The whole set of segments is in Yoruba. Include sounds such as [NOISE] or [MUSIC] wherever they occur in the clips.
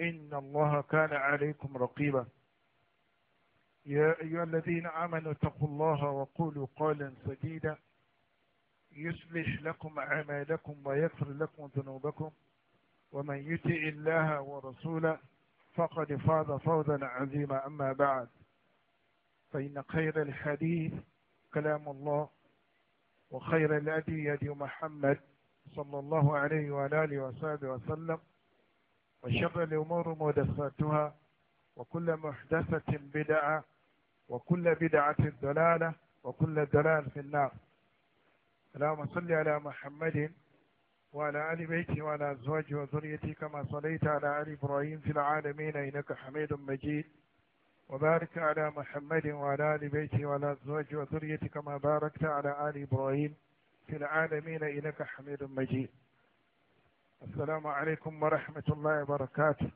إن الله كان عليكم رقيبا يا أيها الذين آمنوا اتقوا الله وقولوا قولا سديدا يصلح لكم أعمالكم ويغفر لكم ذنوبكم ومن يطع الله ورسوله فقد فاز فوزا عظيما أما بعد فإن خير الحديث كلام الله وخير الأدي يد محمد صلى الله عليه وآله وصحبه وسلم وشر الأمور محدثاتها وكل محدثة بدعة وكل بدعة ضلالة وكل ضلال في النار اللهم صل على محمد وعلى آل بيته وعلى أزواجه وذريته كما صليت على آل إبراهيم في العالمين إنك حميد مجيد وبارك على محمد وعلى آل بيته وعلى أزواجه وذريته كما باركت على آل إبراهيم في العالمين إنك حميد مجيد السلام عليكم ورحمة الله وبركاته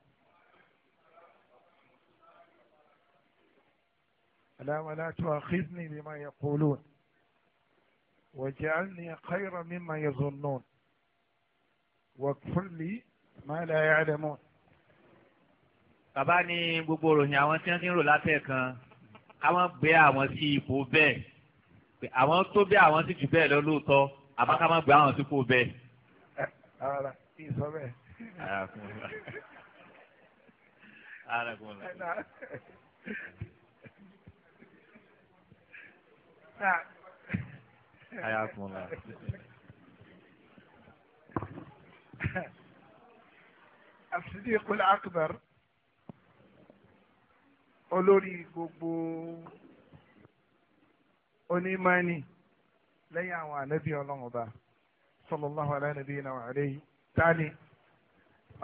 ألا ولا تؤاخذني بما يقولون واجعلني خيرا مما يظنون واغفر لي ما لا يعلمون bàbá gbogbo òròyìn àwọn tí wọ́n ti ń rò látẹ̀kan káwọn gbé àwọn sí ipò bẹ́ẹ̀ àwọn tó bẹ́ẹ̀ àwọn sì jù bẹ́ẹ̀ lọ lóòótọ́ àmọ́ káwọn gbé àwọn sípò bẹ́ẹ̀ ní sọ bẹ́ẹ̀. Ayakunla. الصديق الأكبر olórí gbogbo onímọ̀ọ́nì lẹ́yìn àwọn ànábì ọlọ́run ọba sallallahu ala nabiyina wa alayhi tani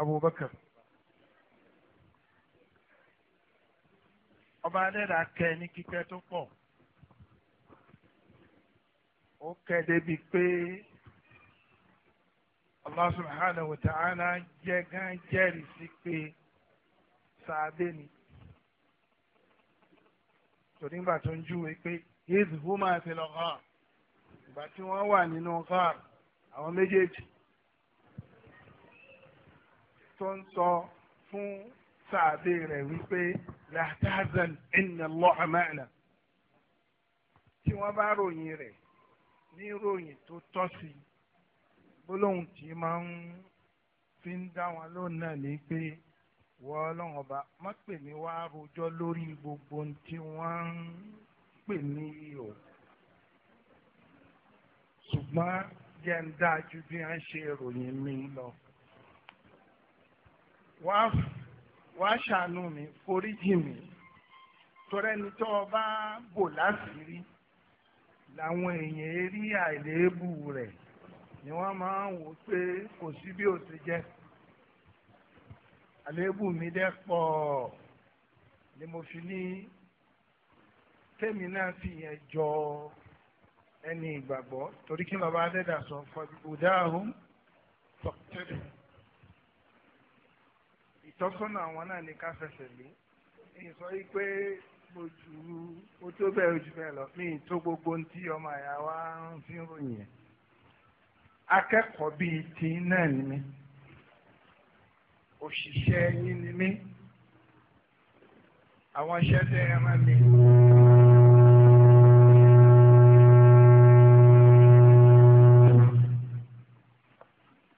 abubakar ọba adẹ́dà kẹ́ ní kíkẹ́ tó pọ̀ ó kẹ́ débi pé Allah subhanahu wa ta'ala jẹ́ gán jẹ́rìí sí pé sàádé ni tònígbà tó ń júwe pé yéèzì húmà ti lọ ghar ìgbà tí wọ́n wà nínú ghar àwọn méjèèjì tó ń sọ fún sàbẹ rẹ̀ wípé la tahzan inna Allaha ma'ana tí wọ́n bá ròyìn rẹ̀ ní ròyìn tó tọ́ sí gbólóhùn tí máa ń fi ń dá wọn lónà ní pé wọ́n ọlọ́run ọba má pè mí wá rojọ́ lórí gbogbo tí wọ́n ń pè mí o ṣùgbọ́n jẹ́ ń dáa ju bí wọ́n ṣe ròyìn mi lọ wàá ṣàánú mi foríjì mi tọrẹ ni tó o bá bò láṣìírí làwọn èèyàn rí àìléébù rẹ̀ ni wọ́n máa ń wò pé kò sí bí ó ti jẹ́ àléébù mi dẹ́ pọ̀ ni mo fi ní tẹ́mi náà fi yẹn jọ ẹni ìgbàgbọ́ torí kí baba adẹ́dà sọ fọdùkù dáhùn fọkùtẹ́lẹ̀ ìtọ́sọ́nà àwọn náà ní ká fẹsẹ̀ lé ìsọ yìí pé ojú ó tó bẹ́ẹ̀ ojú bẹ́ẹ̀ lọ mí tó gbogbo ń tí ọmọ àyà wa ń fi ń ròyìn ẹ̀ akẹ́kọ̀ọ́ bíi ti náà ni mí òṣìṣẹ́ yín ni mí àwọn iṣẹ́ tẹ́ ẹ máa mi.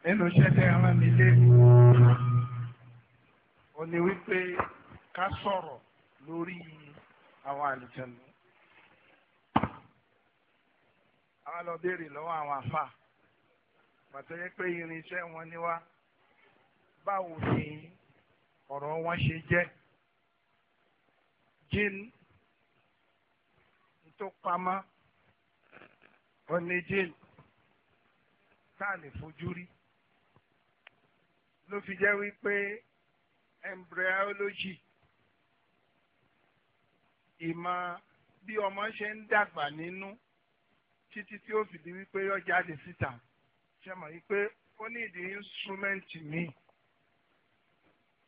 nínú iṣẹ́ tẹ́ ẹ máa mi lé ó ní wípé ká sọ̀rọ̀ lórí àwọn àlùjànnú. àwọn lọ béèrè lọ́wọ́ àwọn àfà pàtó yẹ pé irinṣẹ́ wọn ni wá báwo ni ọ̀rọ̀ wọn ṣe jẹ́ jin tó pamọ́ ọ̀nà jin tá a lè fojú rí ló fi jẹ́ wípé embryology ìmọ̀ bí ọmọ ṣe ń dàgbà nínú títí tí ó fi di wípé yọ jáde síta ṣe mọ̀ wípé ó ní ìdí instrument mi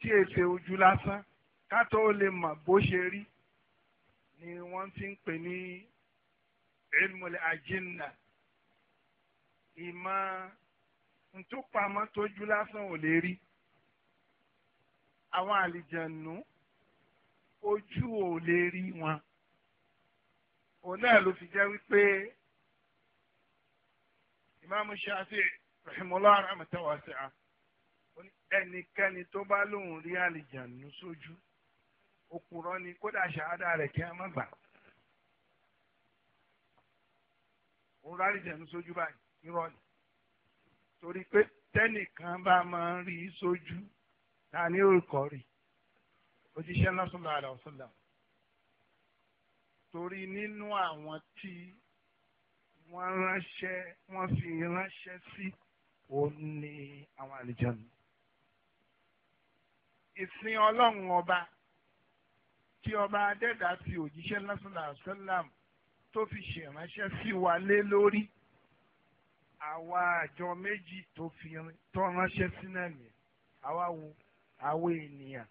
tí èsè ojú lásán ká tó lè mọ̀ bó ṣe rí ni wọ́n ti ń pè ní ilmul ajinna ìmọ̀ ntúpamọ́ tójú lásán ò lè rí àwọn àlìjànú ojú ò lè rí wọn òun náà ló fi jẹ́ wípé ìmáàmù Ṣáfi'í rahimahullah rahmatan wasi'a ẹnikẹ́ni tó bá lóun rí àlìjànú sójú òkúrọ́ ni kódà ṣàádà rẹ̀ kí a má gbà. òun rárí jẹ̀nu sójú báyìí irọ́ ni torí pé tẹ́nìkan bá máa ń rí sójú. So tani ni orúkọ rí òjíṣẹ́ lọ́sọ̀lá àlọ́sọ̀lá torí nínú àwọn tí wọ́n ránṣẹ́ wọ́n fi ránṣẹ́ sí òun ni àwọn àlùjànnú ìsìn ọlọ́run ọba tí ọba adẹ́dà fi òjíṣẹ́ lọ́sọ̀lá àlọ́sọ̀lá tó fi ṣèránṣẹ́ sí wa lé lórí àwa àjọ méjì tó fi tó ránṣẹ́ sí náà nìyẹn àwa wo àwọn ènìyàn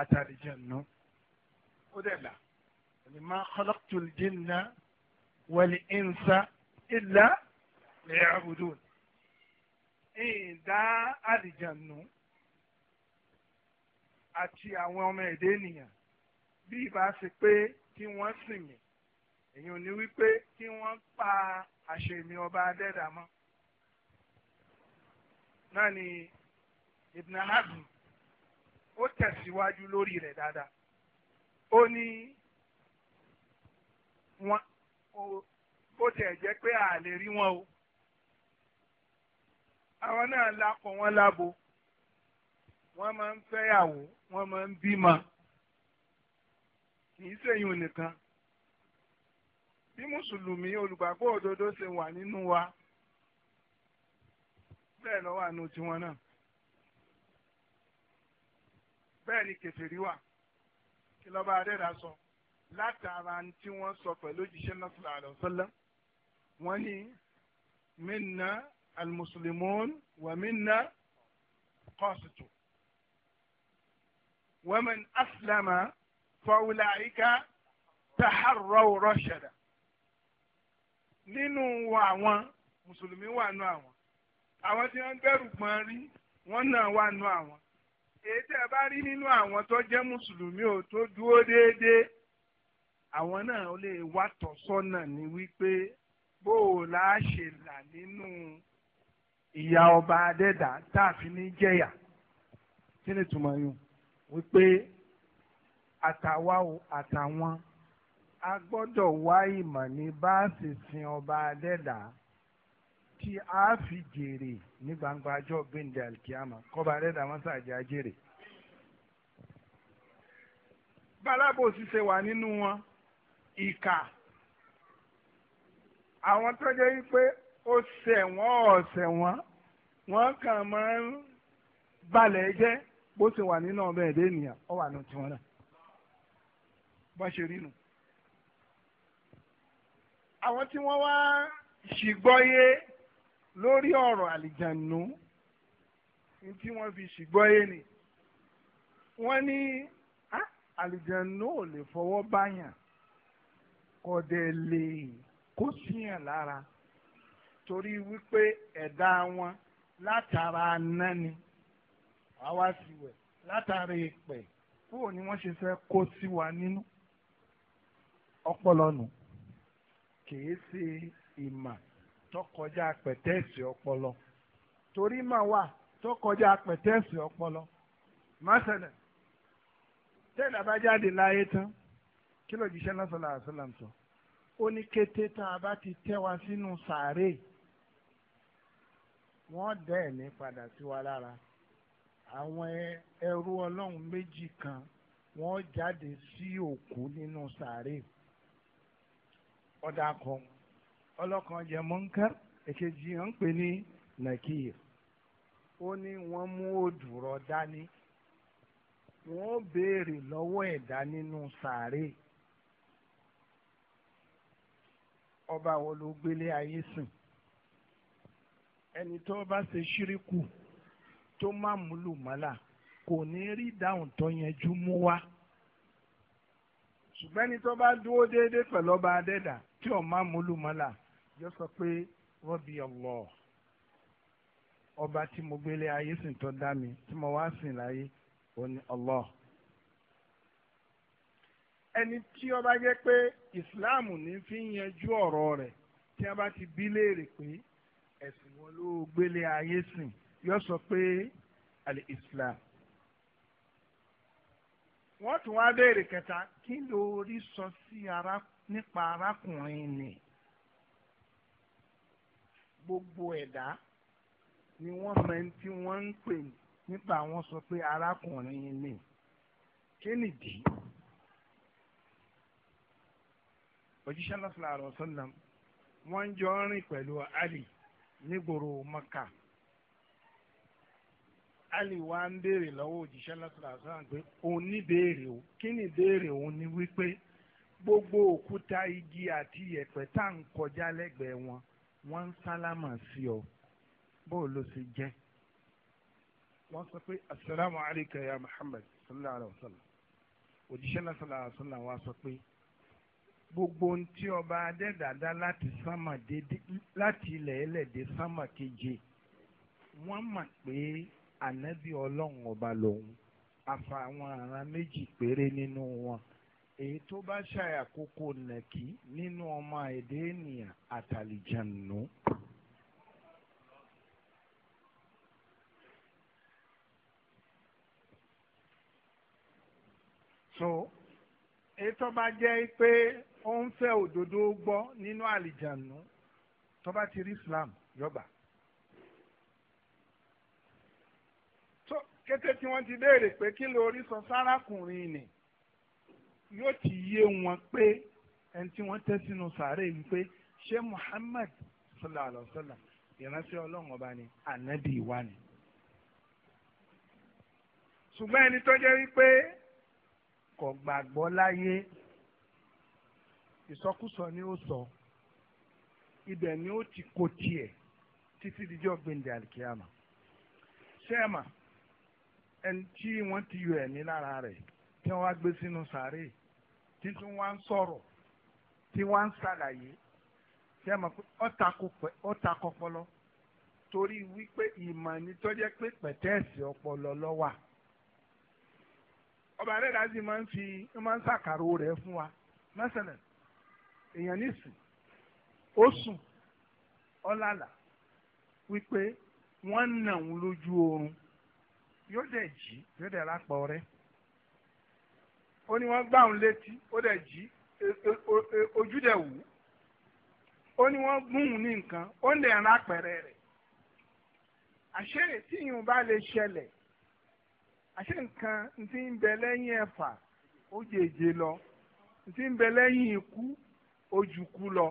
àtàlìjẹ̀nu ó dẹ̀ là ma khalaqtul jinna wal insa illa liya'budun ìdá àlìjẹ̀nu àti àwọn ọmọ èdè ènìyàn bí ìbá ṣe pé kí wọ́n sìn mí èyí ò ní wípé kí wọ́n pa àṣẹ mi ọba adẹ́dàmọ́ náà ni Ibn Hazm ó tẹ̀síwájú lórí rẹ̀ dáadáa ó ní ó tiẹ̀ jẹ́ pé a rí wọn o àwọn náà lakọ̀ wọn lábo wọ́n máa ń fẹ́yàwó wọ́n máa ń bímọ kì í ṣèyún nìkan bí mùsùlùmí olùgbàgbọ́ òdodo ṣe wà nínú wa bẹ́ẹ̀ ló wà nù tiwọn náà bẹ́ẹ̀ ni kèfèrí wà kí lọ́ba adẹ́dà sọ látara tí wọ́n sọ pẹ̀lú òjíṣẹ́ náà sallallahu alaihi wasallam wọ́n ní minna almuslimun wa minna qasitu wa man aslama fa ulaika taharraw rashada nínú wa àwọn mùsùlùmí wà nù àwọn àwọn tí wọ́n gbẹ́rù pọ́n rí wọ́n náà wà nù àwọn èyí tẹ́ ẹ bá rí nínú àwọn tó jẹ́ mùsùlùmí ò tó dúró déédéé àwọn náà lè wá tọ́sọ́nà ní wípé bó o là á ṣe là nínú ìyá ọba adẹ́dà tá a fi ní jẹ̀yà kí ni tùmọ̀ yùn wípé àtàwa àtàwọn a gbọ́dọ̀ wá ìmọ̀ ní bá sin ọba adẹ́dà tí a fi jèrè ní gbangba ajọ́ gbẹ̀ndẹ̀ alikiyama kọ́ba rẹ̀dá mọ́sàájì ajẹ́rè. balábò ṣiṣẹ́ wà nínú wọn ìkà àwọn tó jẹ́ wípé ó ṣẹ̀ wọ́n ọ̀ṣẹ̀ wọ́n wọ́n kàn máa ń balẹ̀ jẹ́ bó ṣe wà nínú ọbẹ̀ ẹ̀dẹ́ ènìyàn ọ wà nù tiwọn náà bá ṣe rí nu. àwọn tí wọ́n wá ṣìgbọ́ yé lórí ọ̀rọ̀ àlìjànú tí wọ́n fi ṣìgbọ́ yé ni wọ́n ní àlìjànú ò lè fọwọ́ báyàn kò dẹ̀ lè kó síyàn lára torí wípé ẹ̀dá wọn látara aná àwa sì wẹ̀ látara ìpẹ̀ kúrò ni wọ́n ṣe fẹ́ kó sí wa nínú ọpọlọ nù kì í ṣe ìmọ̀ tó kọjá pẹ̀tẹ́ẹ̀sì ọpọlọ torí mà wà tó kọjá pẹ̀tẹ́ẹ̀sì ọpọlọ mọ́sẹ̀lẹ̀ tẹ́lẹ̀ bá jáde láyé tán kí ló jíṣẹ́ lọ́sọ̀lá àṣọlám sọ ó ní kété tá a bá ti tẹ́ wa sínú sàárè wọ́n dẹ́ ẹ̀ ní padà sí wa lára àwọn ẹrú ọlọ́run méjì kan wọ́n jáde sí òkú nínú sàárè ọ̀dà kan ọlọ́kan jẹ́ mọ́ńkà èkejì ń pè ní nàkìr ó ní wọ́n mú òdùrọ̀ dání wọ́n béèrè lọ́wọ́ ẹ̀dá nínú sàárè ọba wo ló gbélé ayé sìn ẹni tó bá ṣe ṣíríkù tó má múlò mọ́là kò ní rí dáhùn tó yẹjú mú wá ṣùgbọ́n ẹni tó bá dúró déédéé pẹ̀lú ọba adẹ́dà tí ò má múlò mọ́là yóò sọ pé rọ́bì ọ̀lọ́ ọba tí mo gbélé ayé sì tó dá mi tí mo wá sìn láyé òun ni ọlọ́ ẹni tí ó bá pé ìsìláàmù ní fi ń yanjú ọ̀rọ̀ rẹ̀ tí a bá ti bí léèrè pé ẹ̀sìn wọn ló gbélé ayé sìn yóò sọ pé àlè islam wọ́n tún wá béèrè kẹta kí ló rí sọ sí ara nípa arákùnrin nìyí gbogbo ẹ̀dá ni wọ́n mọ ẹni tí wọ́n ń pè nípa àwọn sọ pé arákùnrin ni kí nìdí òjíṣẹ́ lọ́sọ̀lá àrọ̀ sọ́nà wọ́n ń jọ rìn pẹ̀lú Ali nígboro Maka Ali wa ń béèrè lọ́wọ́ òjíṣẹ́ lọ́sọ̀lá àrọ̀ sọ́nà pé òun ní béèrè o kí ni béèrè òun ni wípé gbogbo òkúta igi àti yẹ̀pẹ̀ tá à ń kọjá lẹ́gbẹ̀ẹ́ wọn wọ́n ń sálámà sí ọ bó ló ṣe jẹ́ wọ́n sọ pé asalaamu alayka ya muhammad sallallahu alayhi wa sallam òjíṣẹ́ náà sallallahu alayhi wa sallam wa sọ pé gbogbo ohun tí ọba adẹ́dàdá láti sánmà dédé láti ilẹ̀ ẹlẹ́dẹ̀ sánmà keje wọ́n mọ̀ pé ànábì ọlọ́run ọba lòun àfàwọn àrà méjì péré nínú wọn èyí tó bá ṣàyàkókò nàkí nínú ọmọ èdè ènìyàn àtàlìjànù. so èyí tó bá jẹ́ pé ó ń fẹ́ òdodo gbọ́ nínú àlìjànù tó bá ti rí Islam yọgbà. so kété tí wọ́n ti béèrè pé kí lóorí sọ sárákùnrin nìí yóò ti yé wọn pé ẹni tí wọ́n tẹ́ sínú sàárè yìí pé ṣé Muhammad sallallahu alayhi wa sallam ìránṣẹ́ ọlọ́run ọba ni ànábì wa ni. ṣùgbọ́n ẹni tó jẹ́ wípé kò gbàgbọ́ láyé ìsọkúsọ ni ó sọ ibẹ̀ ni ó ti kó tiẹ̀ títí dijọ́ gbẹ̀ndẹ̀ àlìkíyàmà ṣẹ́ẹ̀mà ẹni tí wọ́n ti yọ ẹ̀mí lára rẹ̀ tí wọ́n wá gbé sínú sàárè yìí títún wá ń sọ̀rọ̀ tí wá ń ṣàlàyé tí a mọ̀ pé kọpọlọ torí wípé ìmọ̀ ni tó jẹ́ pé pẹ̀tẹ́ẹ̀sì ọpọlọ ọba máa ń fi máa ń rẹ̀ fún wa mẹ́sẹ̀lẹ̀ èèyàn nísìn ó sùn ọ̀làlà wípé wọ́n nà lójú oorun yóò dẹ̀ jí yóò dẹ̀ ó ní wọ́n gbá òun létí ó dẹ̀ jí e, e, e, ojú dẹ̀ wù ó ní wọ́n gúnhùn ní nǹkan ó ń lè ran àpẹẹrẹ rẹ̀ àṣé tí ìyún bá lè ṣẹlẹ̀ àṣé nǹkan ti ń bẹ lẹ́yìn ẹ̀fà ó jèjè lọ ti ń bẹ lẹ́yìn ikú ó kú lọ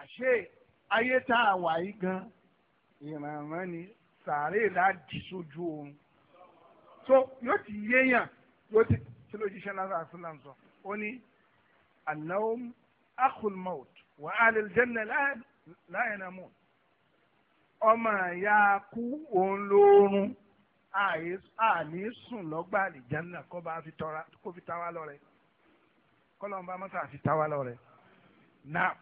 àṣé ayé tá a wà yí gan ìrànràn ni sàárè láti sojú oorun so yóò ti yéèyàn yóò ti òjíṣẹ́ náà àṣìlám sọ ó ní anáwó akhul maut wà á lè jẹ́nà láyẹ̀nàmú ọmọ ìyá kú òun lóorun àní sùn lọ́gbà àlìjánà kó bá fi tọ́ra kó fi táwa lọ rẹ̀ kọ́lọ́n bá mọ́tà fi táwa lọ rẹ̀ náà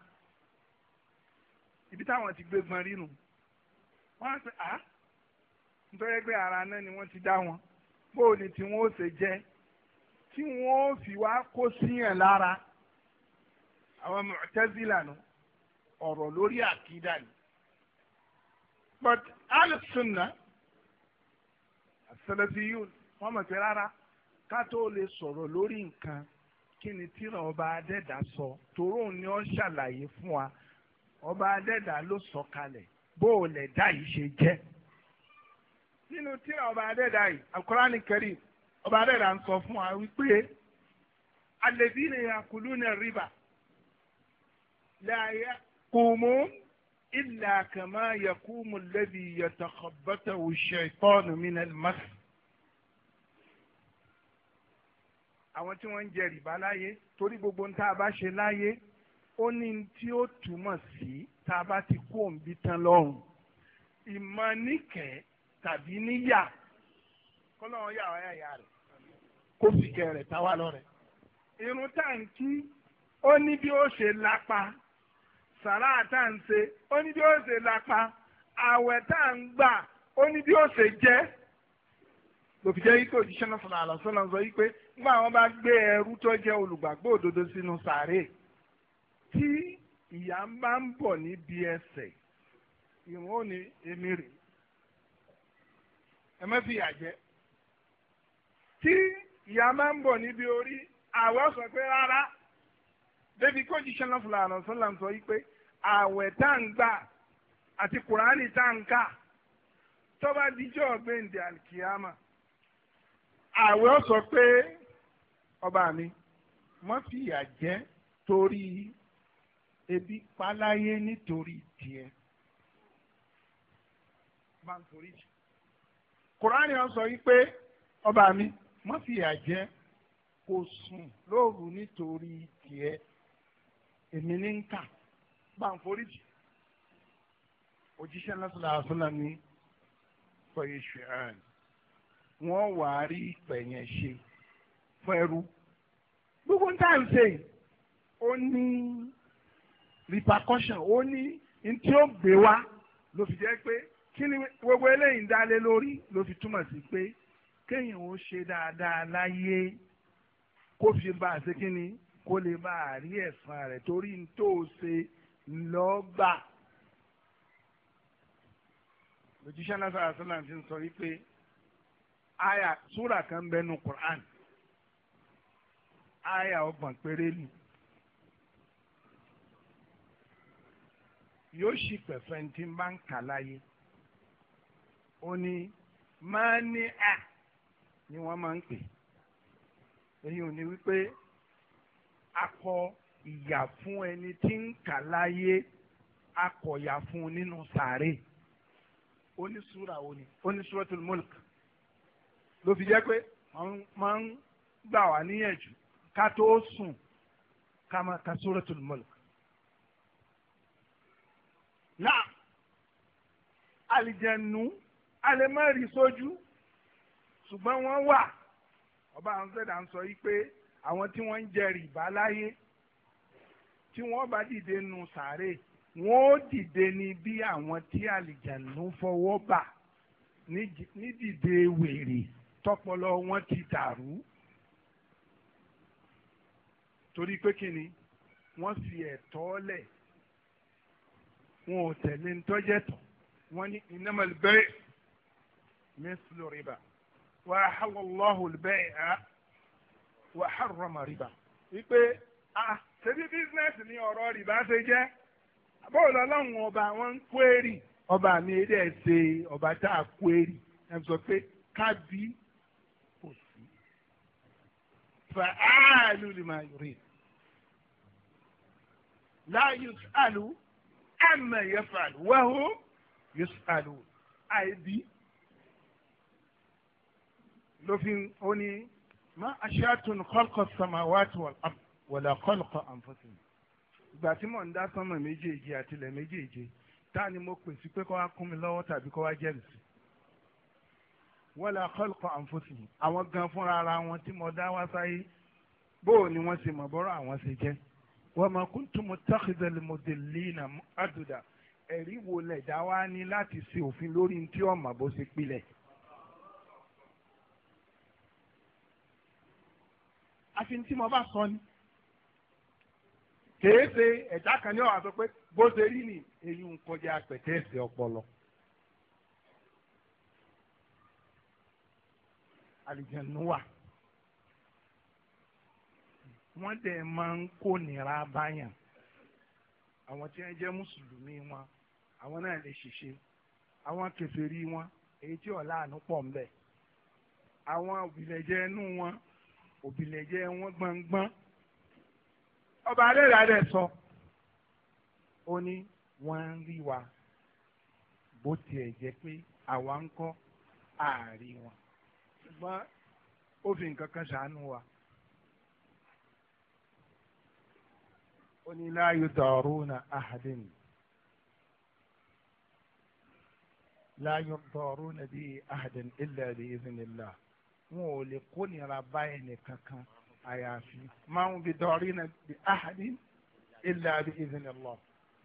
ibi táwọn ti gbé gbọn rínu wọ́n á sẹ́ à nítorí pé ara náà ni wọ́n ti dá wọn bóò ni tí wọ́n ó ṣe jẹ́ tí wọ́n fi wá kó síyàn lára àwọn Mu'tazila nù ọ̀rọ̀ lórí àkídà ni but al-sunna as-salafiyun wọ́n mọ̀ pé rárá ká tó lè sọ̀rọ̀ lórí nǹkan kí ni tíra ọba adẹ́dà sọ toró ni ó ṣàlàyé fún wa ọba adẹ́dà ló sọ kalẹ̀ bó o lẹ̀ dá yìí ṣe jẹ́ nínú tíra ọba adẹ́dà yìí al-Qur'ani Karim ọba adẹ́rẹ́ à ń sọ fún wa wípé alladhina yakuluna riba la yaqumun illa kama yaqumu alladhi yatakhabbatahu ash-shaytanu minal mas. àwọn tí wọ́n ń jẹ rìbá láyé torí gbogbo ń tá a bá ṣe láyé ó ní tí ó túmọ̀ sí tá a bá ti kó òǹbí tán lọ́rùn ìmọ̀ níkẹ́ tàbí níyà kọ́lọ́run yà wáyà yà rẹ̀ kó fi kẹ rẹ̀ táwa lọ́rẹ̀. irun tá à ń kí ó ní bí ó ṣe lápa sàrà tá à ń ṣe ó ní bí ó ṣe lápa àwẹ̀ tá à ń gbà ó ní bí ó ṣe jẹ́ lòfi jẹ́ yí pé náà sọ̀rọ̀ àlọ́ sọ́nà sọ yí nígbà wọn bá gbé ẹrú tó jẹ́ olùgbàgbọ́ òdodo sínú sàárè tí ìyá ń bá ń bọ̀ níbi ẹsẹ̀ ìwọ̀n ò ní èmi rè ẹ má fi tí ìyá máa ń bọ̀ níbi orí àwẹ̀ sọ pé rárá débi kó jíṣẹ́ náà fúlànà sọ́là ń sọ yí pé àwẹ̀ tá à ń gbà àti kùránì tá ń kà tó bá dijọ́ àlìkìyàmà àwẹ̀ sọ pé ọba mi wọ́n fi ìyà jẹ́ torí ebi paláyé nítorí tiẹ̀ máa ń forí jù kùránì ó sọ yí pé ọba mi má fìyà jẹ kò sùn lóru nítorí tiẹ̀ èmi ní ń kà bá ń foríjì òjíṣẹ́ lọ́sọ̀lá àṣọlá ní fọyín ṣùgbọ́n wọ́n wà á rí pẹ̀yẹ̀ ṣe fún ẹrú gbogbo ń tàn ṣe ó ní repercussion ó ní n tí ó gbé wá ló fi jẹ́ pé kí ni gbogbo eléyìí ń dálé lórí ló fi túmọ̀ sí pé kéèyàn ó ṣe dáadáa láyé kó fi bá a ṣe kí ni kó lè bá a rí ẹ̀san rẹ̀ torí n tó ṣe lọ́gbà. lójúṣẹ́ náà sọ̀rọ̀ sọ́nà ti ń sọ wípé aya súrà kan ń bẹnu Qur'an aya ọgbọ̀n péré ni. yóò ṣì pẹ̀fẹ́ ní ti máa ń kà láyé. ó ní máa ní ẹ̀ ni wọ́n máa ń pè èyí ò ní wípé akọ ìyà fún ẹni tí ń kà láyé akọ̀yà fún nínú sàárè onísúra òní onísúratul mulk ló fi jẹ́ pé máa ń gbà wá níyànjú ká tó sùn ká máa ka súratul mulk. náà àlìjẹ̀nu a lè rí sójú. So ṣùgbọ́n wọ́n wà ọba àǹsẹ̀dà ń sọ yìí pé àwọn tí wọ́n ń jẹ rìbá láyé tí wọ́n bá dìde nu sàárè wọ́n ó dìde ní bí àwọn tí àlìjànú fọwọ́ bà ní dìde wèrè tọpọlọ wọn ti dàrú torí pé kí ni wọ́n fi ẹ̀tọ́ lẹ̀ wọn ò tẹ̀lé ń tọ́jẹ́ tán ní innamal bay' mislu وأحل الله البيع وحرم ربا wípé ah ṣebí bísínẹ́sì ni ọ̀rọ̀ rìbá ṣe jẹ́ bóòlù ọlọ́run ọba wọn ń kó èrì ọba mi èdè ṣe ọba tá a kó èrì ẹ sọ pé kábí kò sí fa áàlù lè máa láàyè àlù àmọ̀ yẹn fa àlù wáhó àìbí ló fi ó ní má aṣáàtún kọ́lkọ́ samawati wàlá kọ́lkọ́ àǹfọ̀sìn ìgbà tí mò ń dá sánmọ̀ méjèèjì àtìlẹ̀ méjèèjì táà ni mo pè sí pé kó wá kún mi lọ́wọ́ tàbí kó wá jẹ́rìsì wọ́lá kọ́lùkọ́ àǹfọ̀sìn àwọn gan fúnra ara wọn tí mo dá wá sáyé bóò ni wọ́n ṣe mọ̀ bọ́rọ̀ àwọn ṣe jẹ́ wọ́n mọ̀ kún tún mo tọ́kìdẹ́lì mo dé lẹ́yìn àdùdà ẹ̀rí wo lẹ̀ dá wá ní láti ṣe òfin lórí tí ó mọ̀ bó ṣe pilẹ̀ àfi tí mo bá sọ ni kèé ṣe ẹ̀dá kan ní ọ̀hún àti pé bó ṣe rí ni èyí ń kọjá pẹ̀tẹ́ ẹ̀sẹ̀ ọpọlọ. àlìjẹ̀nù wà wọ́n dẹ̀ máa ń kó nira báyàn àwọn tí wọ́n jẹ́ mùsùlùmí wọn àwọn náà lè ṣiṣẹ́ àwọn kèfèrí wọn èyí tí ọ̀la àánú pọ̀ ń bẹ àwọn òbílẹ̀jẹ́ inú wọn òbílẹ̀jẹ́ wọn gbọ̀ngbọ̀n ọba alẹ́ra rẹ̀ sọ ó ní wọ́n ń rí wa bó tiẹ̀ jẹ́ pé àwa ń kọ́ ààrí wọn ṣùgbọ́n ó fi nǹkan kan ṣàánú wa. ó ní láàyò dọ̀rọ̀ na ahadin láàyò dọ̀rọ̀ na bíi ahadin illa bi iznillah wọn ò lè kó nira bá ẹnì kankan àyàfi máa ń bi dọ̀rí na bi ahadi illa bi iznillah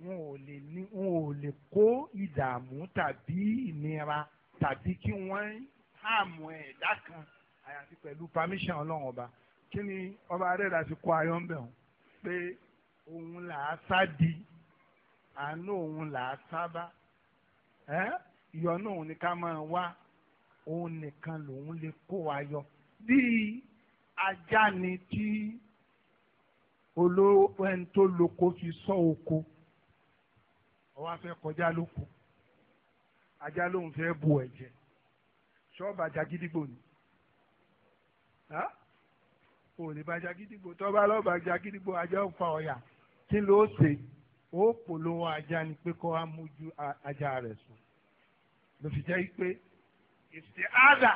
wọn ò lè ní wọn ò lè kó ìdààmú tàbí ìnira tàbí kí wọ́n hàmù ẹ̀dá kan àyàfi pẹ̀lú permission ọlọ́run ọba kí ni ọba arẹ́dà ti kó ayọ́ ń bẹ̀ wọ́n pé òun là á sá àánú òun là á sábà ìyọ́nú òun ni ká máa wá òun nìkan lòun lè kó wa yọ bíi ajá ni tí olówó ẹni tó lóko fi sọ oko ó wá fẹ́ kọjá lóko ajá lòun fẹ́ bu ẹ̀jẹ̀ ṣọ́ọ̀bù ajá gídígbò ni ò lè bá ajá gídígbò tó bá lọ́ọ́ bá ajá gídígbò ajá ò fa ọ̀yà kí ló ṣe ó polówó ajá ni pé kó wá ajá rẹ̀ sùn ló fi pé isti'aza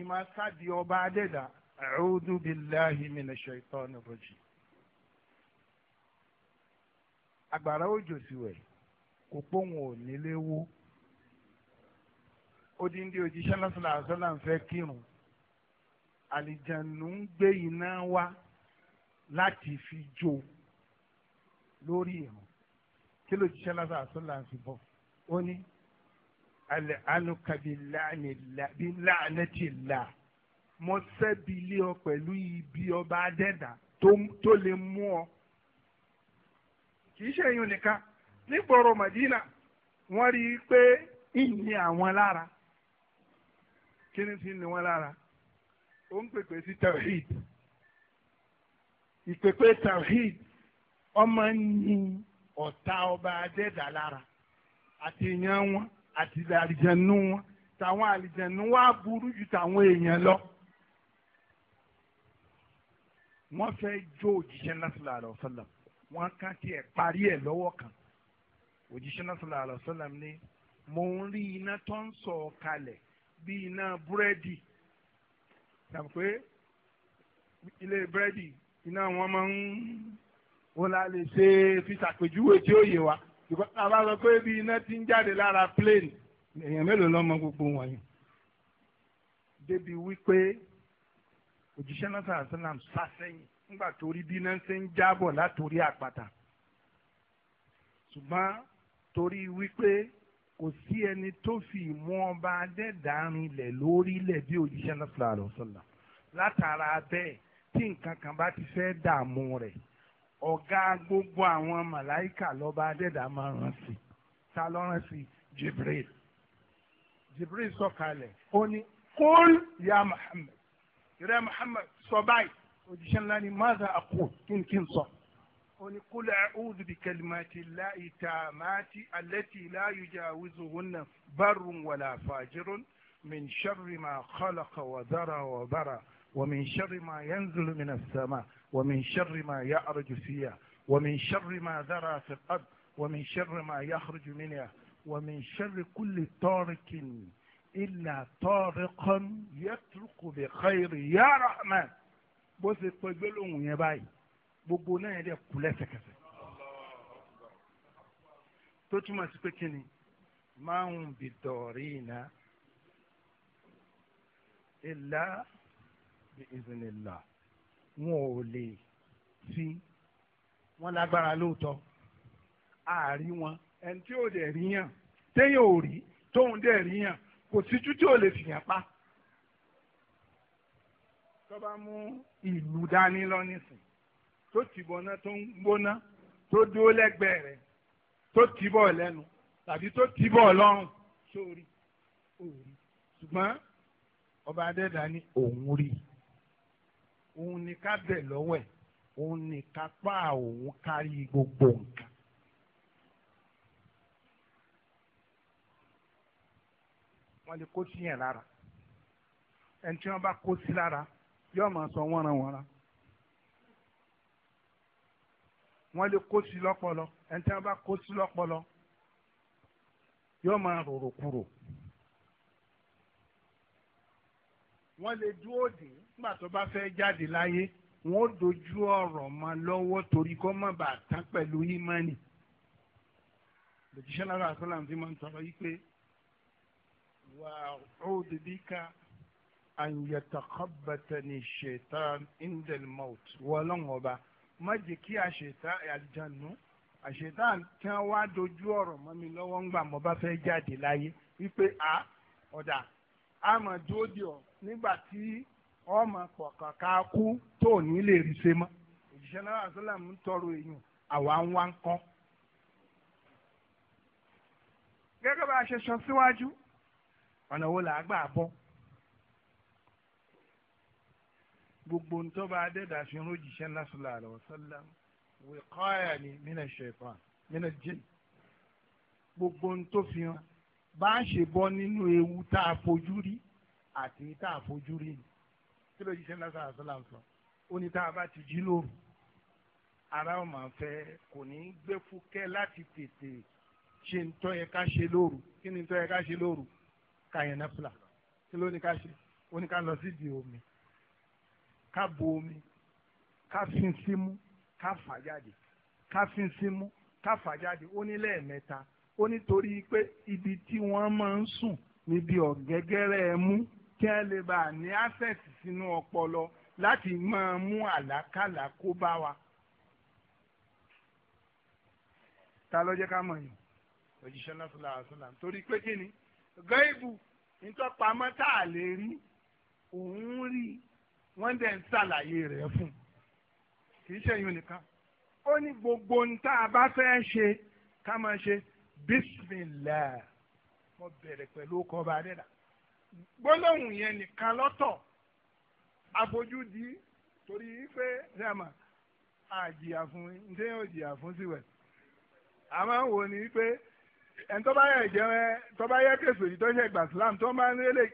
ìmọ̀ sádi ọba adẹ́dà a'udhu billahi minash shaitanir rajim. àgbàrá òjò sí wẹ̀ kò pòun ò nílé wó odi òjíṣẹ́ lọ́sọ̀lá àṣọ́là ń fẹ́ kírun àlìjànù ń gbé iná wá láti fi jó lórí ìrun kí lójíṣẹ́ lọ́sọ̀lá àṣọ́là ń fi bọ̀ ó ní al'anuka bila'anati la mo sẹ́bi ilé ọ pẹ̀lú ibi ọba adẹ́dà tó lè mú ọ. kì í ṣe èèyàn nìkan nígboro Madina wọ́n rí i pé ìyìn àwọn lára kí ni fi ni wọ́n lára ó ń pèpè sí tawhid ìpèpè tawhid ọmọ ń yin ọ̀tá ọba adẹ́dà lára àti ìyàn wọn àti àlìjẹ̀nú wọn tàwọn àlìjẹ̀nú wa burú ju tàwọn èèyàn lọ. wọ́n fẹ́ jó òjíṣẹ́ náà sọ̀rọ̀ àlọ́ sọ̀lọ̀ wọ́n kàn tiẹ̀ parí ẹ̀ lọ́wọ́ kan òjíṣẹ́ náà àlọ́ sọ̀lọ̀ ni mo ń rí iná tó ń sọ̀ kalẹ̀ bí iná búrẹ́dì tàbí pé ilé búrẹ́dì iná wọn máa ń wọ́n la lè ṣe fi ṣàpèjúwe tí ó yé wa ṣùgbọ́n àbá sọ pé bí iná ti ń jáde lára plane èèyàn mélòó lọ́mọ gbogbo wọ̀nyí. débi wípé òjíṣẹ́ náà sàrà sálàm sá sẹ́yìn nígbà tó rí bí iná ṣe ń jábọ̀ látòrí àpáta. ṣùgbọ́n torí wípé kò sí ẹni tó fi ìmọ̀ ọba adẹ́dàárin lẹ̀ lórílẹ̀ bí òjíṣẹ́ náà sàrà sálàm látara bẹ́ẹ̀ tí nǹkan kan bá ti fẹ́ dààmú rẹ̀ ọ̀gá gbogbo àwọn màláìkà lọ́ba adẹ́dà máa rán sí ta ló rán sí Jibril Jibril sọ̀kalẹ̀ ó ní kúl ya Muhammad ìrẹ́ Muhammad sọ báyìí òjíṣẹ́ ńlá ni maza aqul kí n kí n sọ. ó ní kúl a'udhu bi kalimati llahi tammati allati la yujawizuhunna barrun wala fajirun min sharri ma khalaqa wa dhara wa bara wa min sharri ma yanzilu minas sama'. ومن شر ما يعرج فيها ومن شر ما ذرى في الأرض ومن شر ما يخرج منها ومن شر كل طارق إلا طارقا يترك بخير يا رحمن بس تقولون يا باي بقولنا يا دي كل سكسة تجمع سبكيني ما هم بدورينا إلا بإذن الله wọn ò lè sí wọn lágbára lóòótọ́ àárí wọn ẹni tí ò dẹ̀ rí yàn téèyàn ò rí tóun dẹ̀ rí yàn kò síjú tí ò lè fìyàn pa tó bá mú ìlú dání lọ́nìsìn tó tìbọná tó ń gbóná tó dúró lẹ́gbẹ̀ẹ́ rẹ̀ tó tìbọ̀ lẹ́nu tàbí tó tìbọ̀ lọ́rùn sórí òòrí ṣùgbọ́n ọba adẹ́dá ní òun rí i òun ni ká bẹ̀ lọ́wọ́ ẹ̀ òun ni ká pa òun kárí gbogbo nǹkan. wọ́n lè kó sí yẹn lára ẹni tí wọ́n bá kó sí lára yóò máa sọ wọ́nranwọ́nran wọ́n lè kó sí lọ́pọlọ ẹni tí wọ́n bá kó sí lọ́pọlọ yóò máa rorò kúrò. wọ́n lè dúró dè nígbà tó bá fẹ́ jáde láyé wọ́n dojú ọ̀rọ̀ mọ́ lọ́wọ́ torí kó má bàa tán pẹ̀lú ìmánì. lòjíṣẹ́ lára àṣọlá fi máa ń tọrọ yí pé wà ó dìbí ká àyẹ̀tàkọ́bẹ̀tẹ̀ni ṣètàn indelmout wọlọ́ngọba má jẹ́ kí àṣetà àjànú àṣetà tí wọ́n wá dojú ọ̀rọ̀ mọ́ mi lọ́wọ́ ńgbà mo bá fẹ́ jáde láyé wípé a ọ̀dà a máa dúró dè ọ́ nígbà tí ọmọ pọ̀kàn ká kú tó ní lè rí ṣe mọ́ òjíṣẹ́ náà àṣọlám ń tọrọ èèyàn àwa ń wá ń kọ́. gẹ́gẹ́ bá a ṣe sọ síwájú ọ̀nà wo là á gbà bọ́. gbogbo ntọ́ bá dẹ́dà fi rojíṣẹ́ lásìlá àlọ́ sálá wíkọ́yà ni mina ṣẹ̀fà mina jẹ́ gbogbo ntọ́ fi hàn bá ń ṣe bọ́ nínú ewu tá a fojú rí àti tá a fojú rí ni kí ló jíṣẹ́ lásán àṣàlám sọ ó ní tá a bá ti jí lóru ara ọ̀ máa fẹ́ kò ní gbé fúkẹ́ láti tètè ṣe ń tọ́ yẹ ká ṣe lóru kí ni ń tọ́ yẹ ká ṣe lóru ká yẹn náà fìlà kí ló ní ká ṣe ó ní ká lọ sídìí omi ká bo omi ká fin símú ká fà jáde ká fin símú ká fà jáde ó ní lẹ́ẹ̀mẹ́ta ó nítorí pé ibi tí wọ́n máa ń sùn níbi ọ̀gẹ́gẹ́rẹ́ ẹ mú kí ẹ lè bá a ní access sínú ọpọlọ láti máa mú àlákàlà kó bá wa. ta ló jẹ́ ká mọ̀ yìí òjíṣẹ́ náà àṣọlá torí pé kí ni gẹ́ìbù nítọ́pamọ́ tá a lè rí òun rí wọ́n dẹ̀ ń ṣàlàyé rẹ̀ fún kì í ṣẹ̀yìn nìkan ó ní gbogbo ohun tá a bá fẹ́ ṣe ká máa ṣe bísímìlà mo bẹ̀rẹ̀ pẹ̀lú ọkọ̀ ọba adẹ́dàá gbólóhùn yẹn nìkan lọ́tọ̀ àfojúdi torí pé rẹ́mà àjìyà fún ndé yóò jìyà fún síwẹ̀ àmọ́ wò ni pé ẹni tó bá yẹ jẹ́ tó bá yẹ késo yìí tó ṣe gbà sílám tó máa ń lélẹ̀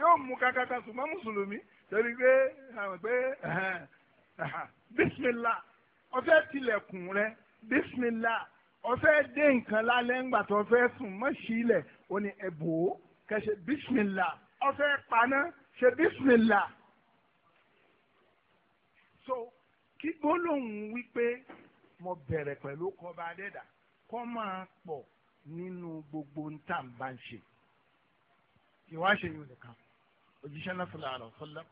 yóò mú kakaka ṣùgbọ́n mùsùlùmí torí pé àwọn pé [LAUGHS] bísímìlá ọfẹ́ tilẹ̀kùn rẹ bísímìlá ọfẹ́ dé nǹkan lálẹ́ ńgbà tó fẹ́ sùn mọ́ sílẹ̀ ó ní ẹ̀bùn ó kẹsẹ bisimilá ọfẹ paná ṣe bisimilá so kí gbólóhùn wípé mo bẹ̀rẹ̀ pẹ̀lú kọba adẹ́dà kọ́ máa pọ̀ nínú gbogbo ntà bá ń ṣe ìwà ṣe yóò nìkan òjíṣẹ́ náà fúnra rẹ̀ fúnra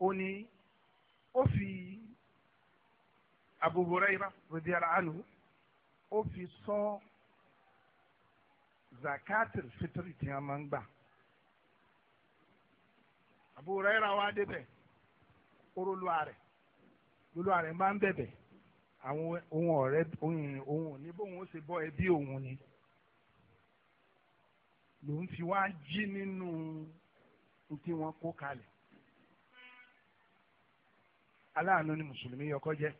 ó ní ó fi Abu Hurairah radiyallahu anhu ó fi sọ. So, zakatil fitiri tí a máa ń gbà Abu Huraira wa débẹ̀ orólùwà rẹ̀ olùwà rẹ̀ máa ń bẹ̀bẹ̀ àwọn ohun ọ̀rẹ́ ohun òní bóun ó ṣe bọ́ ẹbí òun ni ló ń fi wá jí nínú tí wọ́n kó kalẹ̀ aláàánú ni mùsùlùmí yọkọ jẹ́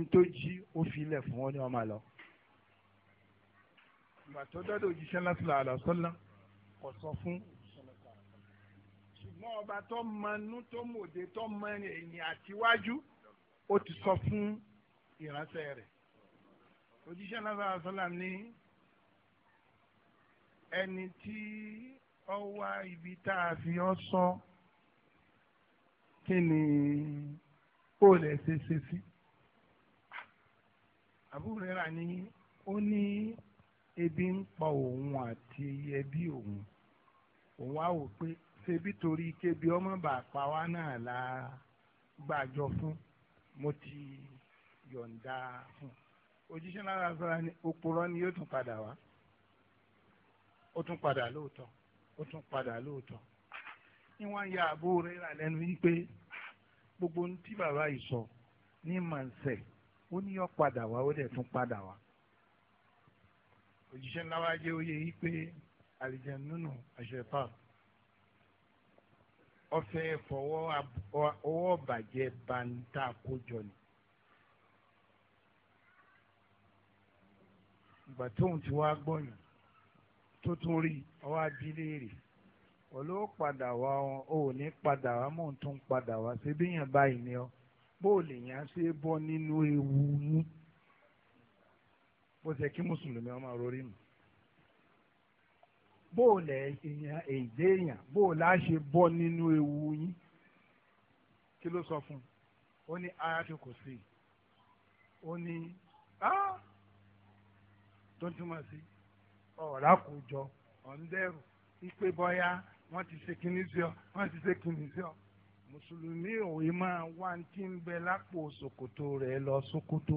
ntó jí ó fi ilẹ̀ fún wọn ni wọ́n máa ìgbà tó dọ́dọ̀ òjíṣẹ́ lásìlá àlàsọ́lá kò sọ fún ṣùgbọ́n ọba tó mọnú tó mòde tó mọ ẹ̀yìn àtiwájú ó ti sọ fún ìránṣẹ́ rẹ̀ òjíṣẹ́ lásìlá àlàsọ́lá ní ẹni tí ọ wá ibi tá a fi ọ sọ kí ni ó lè ṣe ṣe sí àbúrò rẹ̀ rà ní ó ní ebi ń pa òun àti ẹbí òun òun á wò pé ṣebí torí kébi ọmọ bàpá wa náà la gbàjọ fún mo ti yọ̀ǹda fún òjíṣẹ́ náà lásán ni òpùrọ́ ni yóò tún padà wá ó tún padà lóòótọ́ ó tún padà lóòótọ́ ni wọ́n ya àbó rẹ̀ rà lẹ́nu yìí pé gbogbo ohun tí bàbá yìí sọ ní màǹsẹ̀ ó ní yọ padà wá ó dẹ̀ tún padà wá òjíṣẹ́ ńlá wa jẹ́ oyè yìí pé àlìjẹ̀nùnù àṣẹpà ọfẹ fọwọ́ ọwọ́ bàjẹ́ bàǹtà kójọ ni. ìgbà tóun ti wá gbọ́yàn tó tún rí ọwọ́ abíléèrè olówó padà wá wọn ò ní padà wá mò ń padà wá ṣe bí báyìí ni ọ bó lè yàn ṣe bọ́ nínú ewu yín bó ṣe kí mùsùlùmí ọmọ rorí nù. bó o lẹ̀ èèyàn èdè èèyàn bó o láṣẹ bọ́ nínú ewu yín kí ló sọ fún un ó ní ayáṣe kò sí ó ní tó ń túmọ̀ sí ọ̀rá kò jọ ọ̀ndẹ́rù ìpè bọ́yá wọ́n ti ṣe kíní sí ọ wọ́n ti ṣe kíní sí ọ mùsùlùmí òwe máa wá ní tí ń bẹ lápò ṣòkòtò rẹ̀ lọ ṣòkòtò.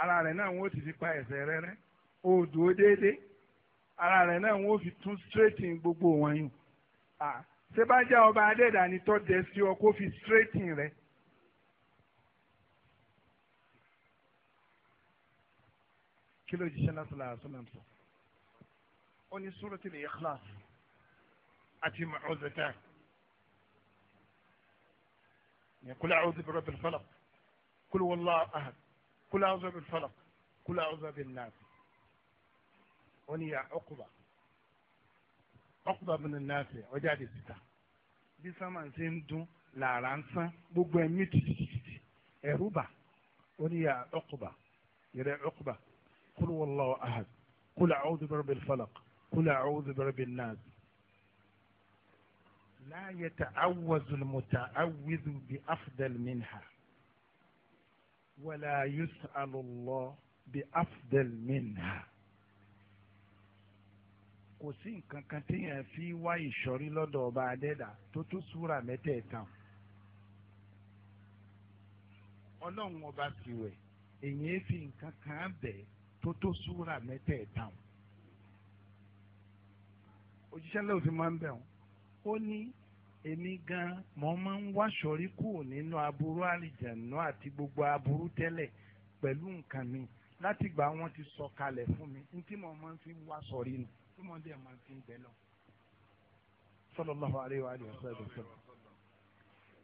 ara rẹ̀ náà wọ́n ti fi pa ẹ̀sẹ̀ rẹ rẹ́ o dúró déédéé ara rẹ̀ náà wọ́n fi tún straighten gbogbo wọn Ah, ṣé bá jẹ́ ọba adẹ́dà ni tó dẹ sí ọ kó fi straighten rẹ. kí ló jíṣẹ́ náà sọ̀rọ̀ àṣọ náà sọ. ó ní Suratul Ikhlas àti mọ̀ọ́dẹ́tà. kul a'udhu bi rabbil falaq kul huwallahu ahad kúlẹ̀ ọ̀zọ́ bí fọlọ̀ kúlẹ̀ ọ̀zọ́ bí nàásì ó ní ya ọkùbà ọkùbà bí nàásì ọjà di síta bí sámà ṣe ń dún làrá ń sán gbogbo ẹ̀mí tìtìtìtì ẹ̀rú bà ó ní ya ọkùbà yẹrẹ ọkùbà kúlẹ̀ wọlọ́ ahad kúlẹ̀ ọ̀zọ́ bí rẹ̀ fọlọ̀ kúlẹ̀ ọ̀zọ́ bí rẹ̀ nàásì. لا يتعوذ المتعوذ بأفضل منها wala yus'alu Allah bi afdal kò sí nǹkan kan téèyàn fi wá ìṣọ́rí lọ́dọ̀ ọba adẹ́dà tó tó súra mẹ́tẹ̀ẹ̀ta ọlọ́run ọba ti wẹ̀ èyàn fi nǹkan kan bẹ̀ tó tó súra mẹ́tẹ̀ẹ̀ta òjíṣẹ́ lóòótọ́ máa ń bẹ̀ wọ́n ó ní èmi gan mo máa ń wáṣọrí kúrò nínú aburú àlìjànú àti gbogbo aburú tẹ́lẹ̀ pẹ̀lú nǹkan mi láti gbà wọ́n ti sọ kalẹ̀ fún mi ní tí mo máa ń fi wáṣọrí nù tí mo dẹ̀ máa fi ń bẹ̀ lọ. sallallahu alaihi wa sallam.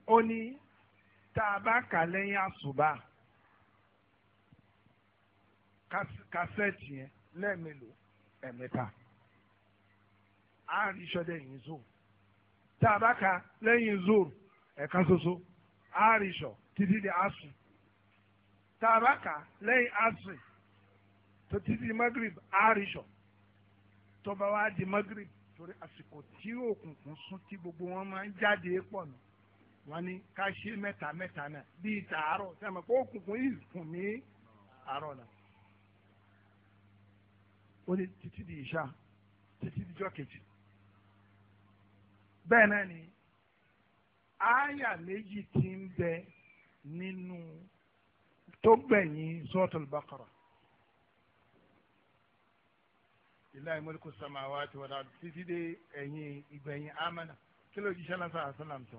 ó ní tá a bá kà lẹ́yìn àṣùbà kásẹ̀tì yẹn lẹ́ẹ̀mélòó ẹ̀mẹ́ta a rí sọ́dẹ̀ yìí zòó. tá a ka lẹ́yìn soso ẹ̀ka títí di asùn tá ka lẹ́yìn títí di magrib àárìṣọ tó di magrib torí àsìkò tí òkùnkùn sún tí gbogbo wọn máa ń jáde pọ̀ nù wọn ni ká ṣe mẹ́ta mẹ́ta náà bíi tàárọ̀ kó òkùnkùn yìí àárọ̀ náà di ìṣá títí di bẹ́ẹ̀ náà ni àyà méjì ti ń bẹ nínú tó gbẹ̀yìn Suratul Baqara. ilayi mulku samawati wal ardi títí dé ẹ̀yìn ìgbẹ̀yìn amana kí ló jíṣẹ́ lásán àṣàlám sọ.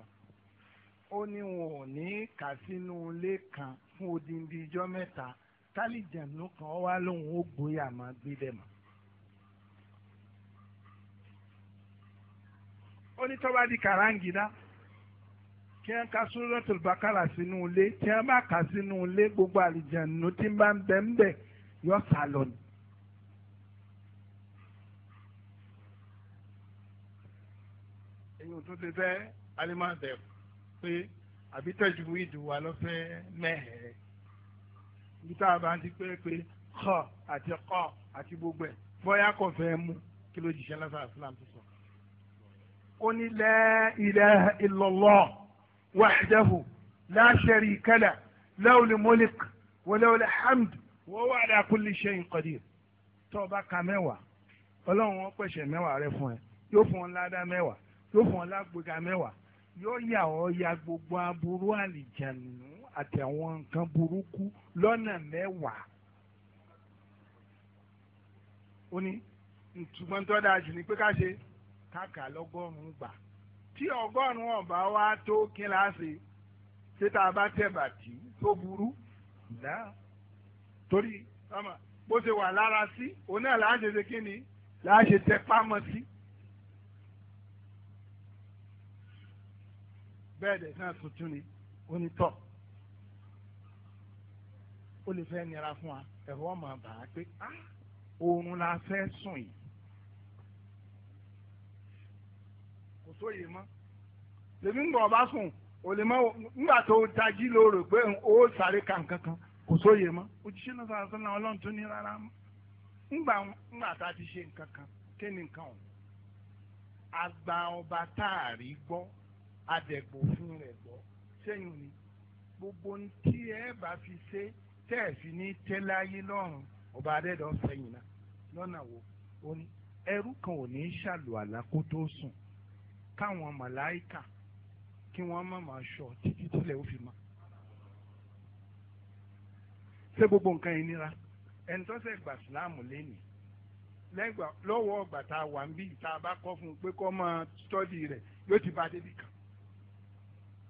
ó ní wọn ò ní kà sínú ilé kan fún odindi ijọ́ mẹ́ta tálíjànú kan wá lóun ó gbóyà máa gbé dẹ̀ ó ní tọ́ba di kàráǹgídá kí wọ́n ka suratul bakara sínú ilé tí wọ́n bá kà sínú ilé gbogbo àlìjànù tí ń bá ń bẹ̀ ń bẹ̀ yọ sálọ ni. èyí ò tún ti fẹ́ alimọ̀dẹ̀ pé àbí tẹ̀jú ìdùn wa lọ́fẹ́ mẹ́hẹ̀ẹ́ ibi tá a bá ń ti pé pé kọ́ àti kọ́ àti gbogbo ẹ̀ bọ́yá kò fẹ́ mú kí ló jìṣẹ́ lọ́sàá islam ti sọ ó لَا la إِلَّا اللَّهُ وَحْدَهُ لَا شَرِيكَ لَهُ lahul mulk wa lahul hamd wa huwa ala kulli shay'in qadir tó o bá ka mẹ́wàá ọlọ́run wọn pèsè mẹ́wàá rẹ fún ẹ yóò fún ọ ládàá mẹ́wàá yóò fún ọ lágbèga mẹ́wàá yóò yà ọ́ ya gbogbo aburú àlìjànù àtẹ̀wọn nǹkan burúkú lọ́nà mẹ́wàá. ó ní ìtumọ̀ tó dáa jù ní pé ká ṣe káka lọ́gọ́rùn-ún gbà tí ọgọ́rùn-ún ọ̀bá wa tó kíláàsì ṣé tá a bá tẹ̀bà tì í tó burú dá torí bó ṣe wà lára sí òun náà láà ṣe ṣe kí ni láà ṣe tẹ pámọ́ sí. bẹ́ẹ̀ dẹ̀ náà tuntun ni onítọ̀ ó lè fẹ́ nira fún wa ẹ̀rọ ọmọ bàá pé ah, oorun la fẹ́ sùn yìí kò sóye mọ́ lèmi ńgbà ọba sùn ò lè mọ ńgbà tó tají ló rò pé ó sáré ka nǹkan kò sóye mọ́ òjíṣẹ́ náà sọ̀rọ̀ sọ́nà ọlọ́run tó ní rárá mọ́ ńgbà ńgbà tá a ti ṣe nǹkan kan kí ni nǹkan ọ̀hún àgbà ọba tá a rí gbọ́ adẹ̀gbòfin rẹ̀ gbọ́ sẹ́yìn ni gbogbo ní tí ẹ bá fi ṣe tẹ́ ẹ̀ fi ní tẹ́láyé lọ́rùn ọba adẹ́dọ̀ sẹ́yìn náà lọ́nà wo ẹrú kan ò ní ṣàlù àlá tó sùn káwọn màláìkà kí wọ́n má máa sọ títí tílẹ̀ ó fi mọ́. ṣé gbogbo nǹkan yìí nira ẹni tó ṣe gbà síláàmù lẹ́nu lọ́wọ́ ọgbà tá a wà ń bí ìta bá kọ́ fún un pé kó máa tọ́jú rẹ̀ yóò ti bá débi kan.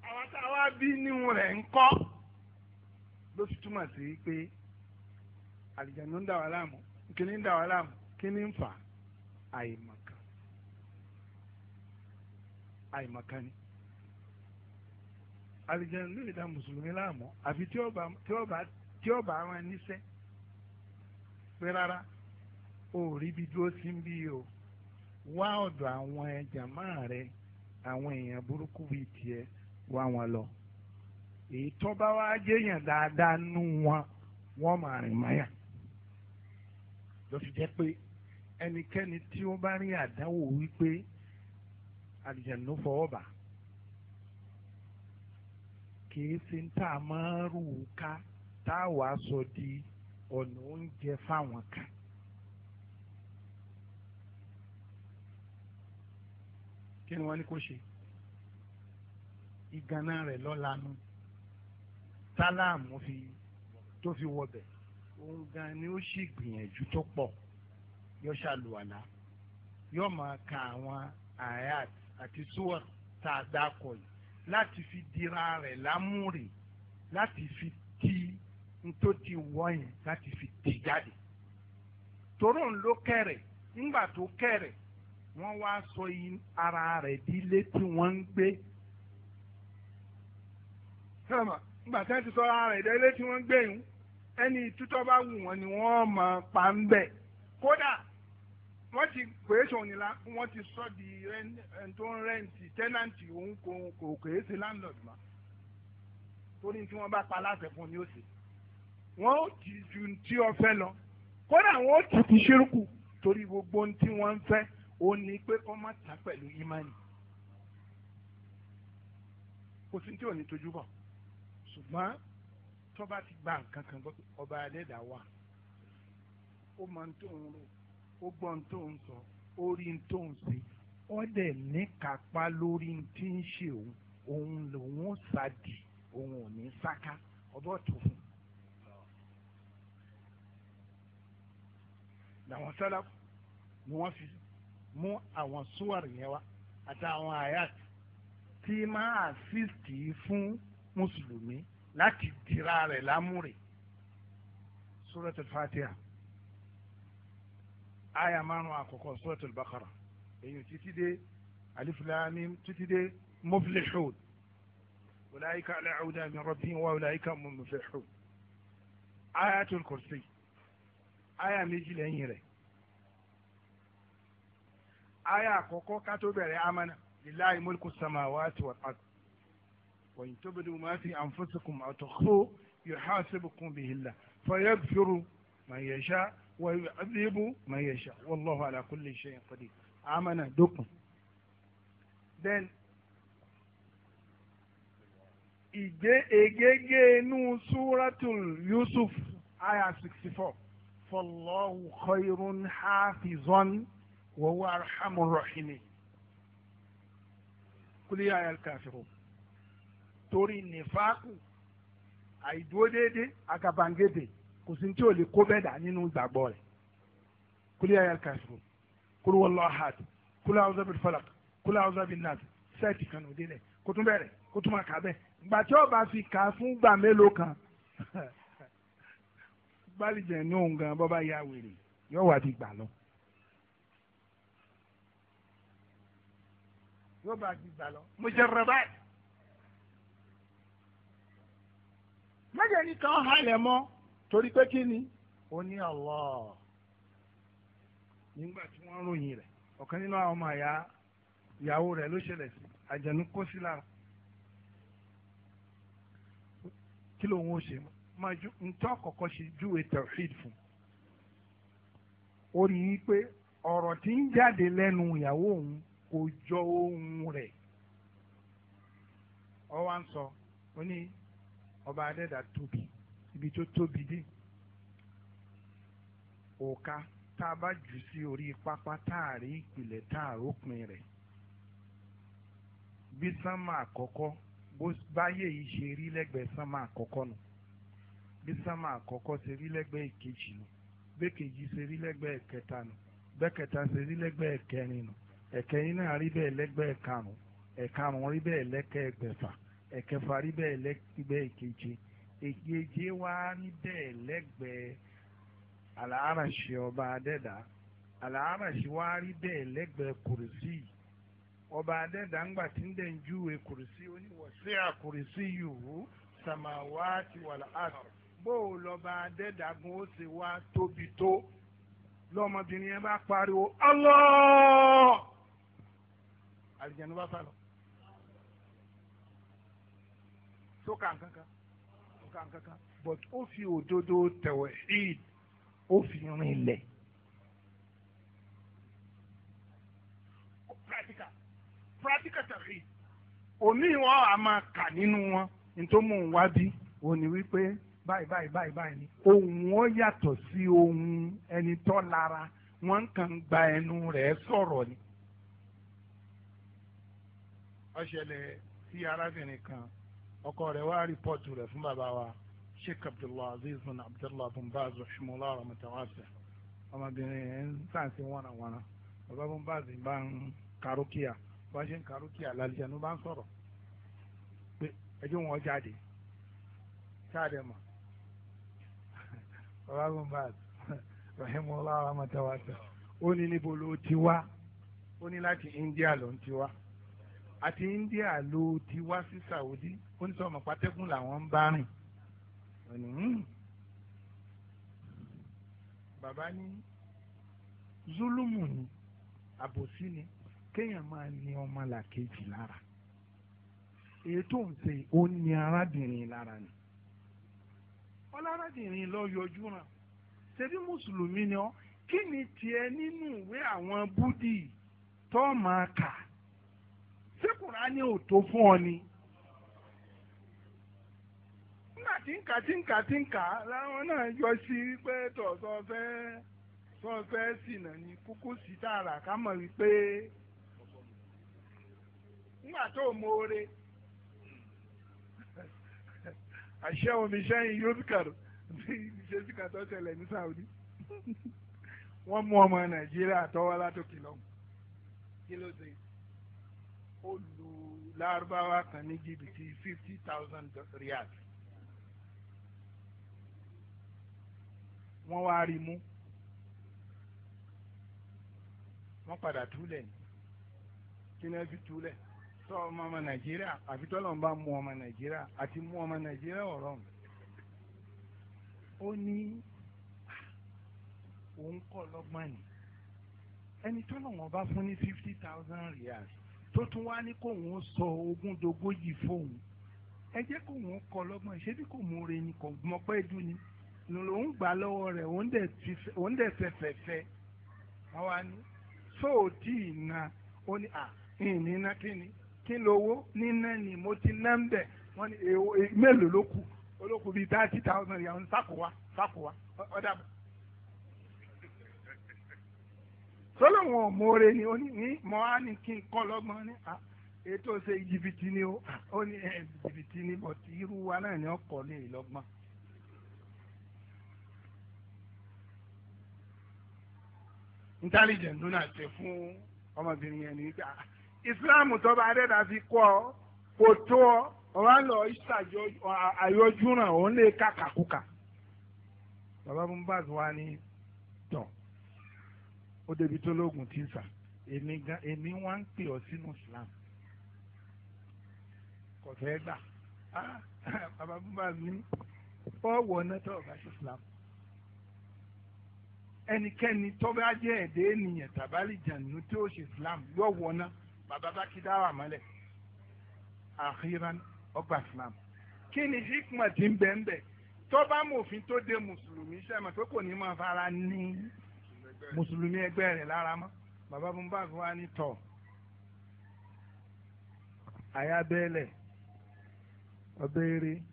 àwọn tá a wá bí níhun rẹ̀ ń kọ́ ló fi túmọ̀ sí pé àlìjáde ń dà wá láàmú kíní ń dà wá láàmú kíní ń fà àìmọ̀k àìmọ̀kan ni àlìjẹun ló lè da mùsùlùmí láàmú àfi tí ó bá tí ó bá o ribi rí ibi sí o wá ọ̀dọ̀ àwọn jàmá rẹ àwọn èèyàn burúkú bíi wọn lọ èyí tó bá wá jẹ́yàn dáadáa nú wọn máa rìn máyà pé àlìjẹ̀nù fọwọ́ bá kìí ṣe ń tà máa rù ú ká tá a wàá sọ di ọ̀nà oúnjẹ fáwọn kan. kí ni wọ́n ní kó ṣe ìgànnà rẹ̀ lọ́lanu sáláàmù tó fi wọbẹ̀ òun gan ni ó sì gbìyànjú tó pọ̀ yọ ṣàlùwàlà yọ máa ka àwọn àyàt àti suwar tá a dákọ̀ yìí láti fi dira rẹ̀ lámúre láti fi ti ntó ti wọ́ yẹn láti fi ti jáde toró ń ló kẹrẹ̀ ńgbà tó kẹrẹ̀ wọ́n wá sọ ara rẹ̀ di ilé tí wọ́n ń gbé sọ́mà ńgbà tí wọ́n ti sọ ara rẹ̀ di ilé tí wọ́n ń gbé yìí ẹni tútọ́ bá wù wọ́n ni wọ́n máa pa ń bẹ̀ kódà wọ́n ti kòéṣọ̀ òní la wọ́n ti sọ di tó ń rẹ́ǹtì tẹ́nàǹtì òun kò kò kòéṣe láńlọ́ọ̀dù mọ́ torí tí wọ́n bá pa aláṣẹ fún ni ó ṣe wọ́n ó ti ju tí wọ́n fẹ́ lọ kódà wọ́n ó ti ti ṣírùkù torí gbogbo ohun tí wọ́n ń fẹ́ ó ní pé kọ́ má ta pẹ̀lú ìmánì kò sí tí ò ní tójú bọ̀ ṣùgbọ́n tó bá ti gba nǹkan kan ọba alẹ́ dà wà ó máa ń tó ń rò ó gbọ́ ohun tó ń sọ ó rí ohun tó ń ṣe ó dẹ̀ níkàápá lórí ohun tí ń ṣe òun òun lòun ó sàdì òun ò ní sáká ọbọ̀ tó fún un. làwọn sálà ni wọ́n fi mú àwọn súwàrì yẹn wá àtàwọn àyàt tí máa àsìsì fún mùsùlùmí láti dira rẹ̀ lámúre. Suratul Fatiha aya márùn àkọ́kọ́ suratul Baqara èyí títí dé alif lam mim títí dé muflihun ulaika ala awda min rabbihim wa ulaika hum muflihun ayatul kursi aya méjì lẹ́yìn rẹ̀ aya àkọ́kọ́ ká tó bẹ̀rẹ̀ amana lillahi mulku samawati wal ard wa in tubdu ma fi anfusikum aw tukhfu yuhasibukum bihi Allah fayaghfiru man yasha' ويعذب من يشاء والله على كل شيء قدير عمنا دكم then ìgbé egége inú súratul yusuf aya sixty four fallahu khayrun hafizan wa huwa arhamur rahimin kuli ya yal kafirun torí nifaku àìdúró déédéé àgàbàǹgédèé kò sí tí ò lè kó bẹ́ẹ̀ dà nínú ìgbàgbọ́ rẹ̀ kúlẹ̀ ayé kàṣù kúlẹ̀ wọlọ́ ahad kúlẹ̀ awúzọ́ bíi falak kúlẹ̀ awúzọ́ bíi nàt sẹ́ẹ̀tì kan ò délẹ̀ kó tún bẹ̀rẹ̀ kó tún máa kà bẹ́ẹ̀ ìgbà tí ó bá fi kà fún gbà mélòó kan gbàlìjẹ̀ ní òun gan bọ́ bá ya wèrè yóò wá di gbà lọ. yóò bá di gbà lọ. mo jẹ rẹ báyìí. mẹ́jẹ̀ ní kan halẹ̀ mọ́. torí pé kí ni ó ní Allah nígbà tí wọ́n ròyìn rẹ̀ ọ̀kan nínú àwọn ọmọ àyà ìyàwó rẹ̀ ló ṣẹlẹ̀ sí àjẹnú kó sí lára kí ló ń ṣe máa ju ntọ́ kọ̀kọ́ ṣe júwe tawhid fún ó rí i pé ọ̀rọ̀ tí ń jáde lẹ́nu ìyàwó òun kò jọ ohun rẹ̀ ọ wá ń sọ ó ní ọba adẹ́dà tóbi. ibi tó tóbi dé òka tá a bá jù sí orí pápá táàrí ìpìlẹ̀ táàrópin rẹ̀ bí sánmà àkọ́kọ́ bó báyé yìí ṣe rí lẹ́gbẹ̀ẹ́ sánmà àkọ́kọ́ nù bí sánmà àkọ́kọ́ ṣe rí lẹ́gbẹ̀ẹ́ ìkejì nù bẹ́ẹ̀kejì ṣe rí lẹ́gbẹ̀ẹ́ kẹta nù bẹ́ẹ̀kẹta ṣe rí lẹ́gbẹ̀ẹ́ kẹrin nù ẹ̀kẹrin náà rí bẹ́ẹ̀ lẹ́gbẹ̀ẹ́ karùn-ún ẹ̀karùn-ún rí bẹ́ẹ̀ lẹ́kẹ̀ẹ́gbẹ̀fà ẹ̀kẹfà rí bẹ́ẹ̀ lẹ́gbẹ̀ẹ́ ìkeje èkejì wá ń dẹ̀ lẹ́gbẹ̀ẹ́ àlàáràṣì ọba adẹ́dà àlàáràṣì wá rí dẹ̀ lẹ́gbẹ̀ẹ́ kùrìsì ọba adẹ́dà ńgbà tí ń dẹ̀ ń júwe kùrìsì oníwọ̀sí àkùrìsì yòówù sàmàwá ti wà láàrọ̀ bó o lọ́ba adẹ́dà gun ó sì wá tóbi tó lọ́mọbìnrin yẹn bá pariwo Allah àlìjẹ̀nu bá sálọ. sókà nǹkan ka nǹkan kan but ó fi òdodo tẹ̀wẹ̀ ìd ó fi rin lẹ̀. practical practical tàbí òní wọn a máa kà nínú wọn nítorí mò ń wá bí òní wípé báyìí báyìí báyìí báyìí ni ohun wọn yàtọ̀ sí ohun ẹni tó lara wọn kàn gba ẹnu rẹ̀ sọ̀rọ̀ ni. ó sí arábìnrin kan ọkọ rẹ̀ wá rìpọ́tù rẹ̀ fún bàbá wa sheikh abdullahi aziz bin abdullahi bin baz rahimahullah rahmatawasa ọmọbìnrin ẹ̀ ń sàǹsì wọnàwọnà bàbá bin baz bá ń karókìá bá ṣe ń karókìá lálẹ́ ẹnu bá ń sọ̀rọ̀ pé ẹjọ́ wọn jáde jáde mọ́ bàbá bin baz rahimahullah rahmatawasa ó ní níbo ló ti wá ó ní láti india ló ń ti wá àti India ló ti wá sí Saudi ó ní sọmọ pátẹ́kùn làwọn ń bá rìn hmm. bàbá ní zulumu ni àbòsí ni kéèyàn máa ní ọmọ làkejì lára èyí tó ń ṣe ó ní arábìnrin lára ni ọlọ́rádìnrin lọ yọjú ràn ṣebí mùsùlùmí ni ọ kí ni tiẹ̀ nínú ìwé àwọn búdì tó máa kà ṣé kùránì ò tó fún ọ ni nígbà tí ń kà tí ń kà tí ń kà láwọn náà yọ sí pé tọ̀sán fẹ́ tọ́ fẹ́ sìnà ní kúkú sí tààrà ká mọ̀ wípé nígbà tó mọ̀ọ́re àṣẹ omi sẹ́yìn yóò fi kàrò ṣe fi kàtọ́ tẹ̀lẹ̀ ní Saudi wọ́n mú ọmọ Nàìjíríà tọ́wọ́ látòkè lọ́hùn kí ló dé ó lu lárúbáwá kan ní jìbìtì fifty thousand riyal wọ́n wá rí mú wọ́n padà túlẹ̀ ní kí ni ẹ fi túlẹ̀ tọ́ ọmọ ọmọ nàìjíríà àfi tọ́lọ̀ ń bá mú ọmọ nàìjíríà àti mú ọmọ nàìjíríà ọ̀rọ̀ mi ó ní ah, òun kọ́ lọ́gbọ́n ni ẹni tọ́lọ̀ wọn bá fún ní fifty thousand riyals tó tún wá ní kóun ó sọ ogún dogójì fóun ẹ jẹ́ kóun ó kọ lọ́gbọ́n ṣé bí kò mú re ni kò mọ pé dùn ni lòun gbà lọ́wọ́ rẹ̀ òun dẹ̀ fẹ̀fẹ̀fẹ̀ àwa ni sóòtì ìna ó ní à ìnìna kíni kí lowó níná ni mo ti ná ń bẹ̀ wọ́n ní mélòó ló kù olókùn bíi thirty thousand yàrá sákòwá sákòwá ọ̀dàbọ̀. tọ́lọ́wọ̀n òmóore ni ó ní ní a á kí n kọ́ lọ́gbọ́n ah, ètò ṣe jìbìtì ni ó ah, ó ní jìbìtì ni bọ̀tì irú wa náà ni intelligent tẹ fún ọmọbìnrin yẹn ah, islam tọba bá dé kọ́ ọ kò tó ọ lọ ìṣàjọ àyọjú náà òun lè bàbá mú wa ní ó débi tó lóògùn tí ń sà èmi gan èmi wá ń pè ọ sínú Islam kò fẹ́ gbà ah, [LAUGHS] bàbá bàbá mi ọ wọ ọ náà sí Islam ẹnikẹ́ni tó bá jẹ́ ẹ̀dẹ́ ènìyàn tàbálì jàǹdù tí ó ṣe Islam yóò wọ ọ náà bàbá bá kí dáwà mọ́lẹ̀ àhírán ọgbà Islam kí ni hikma ti ń bẹ́ẹ̀ bẹ́ẹ̀ tó mòfin tó de mùsùlùmí sẹ́mi pé kò ní máa fara ní mùsùlùmí ẹgbẹ́ rẹ̀ lára mọ́ bàbá Mohbad wá ní tọ̀ àyábẹ́lẹ̀ ọbẹ̀rẹ̀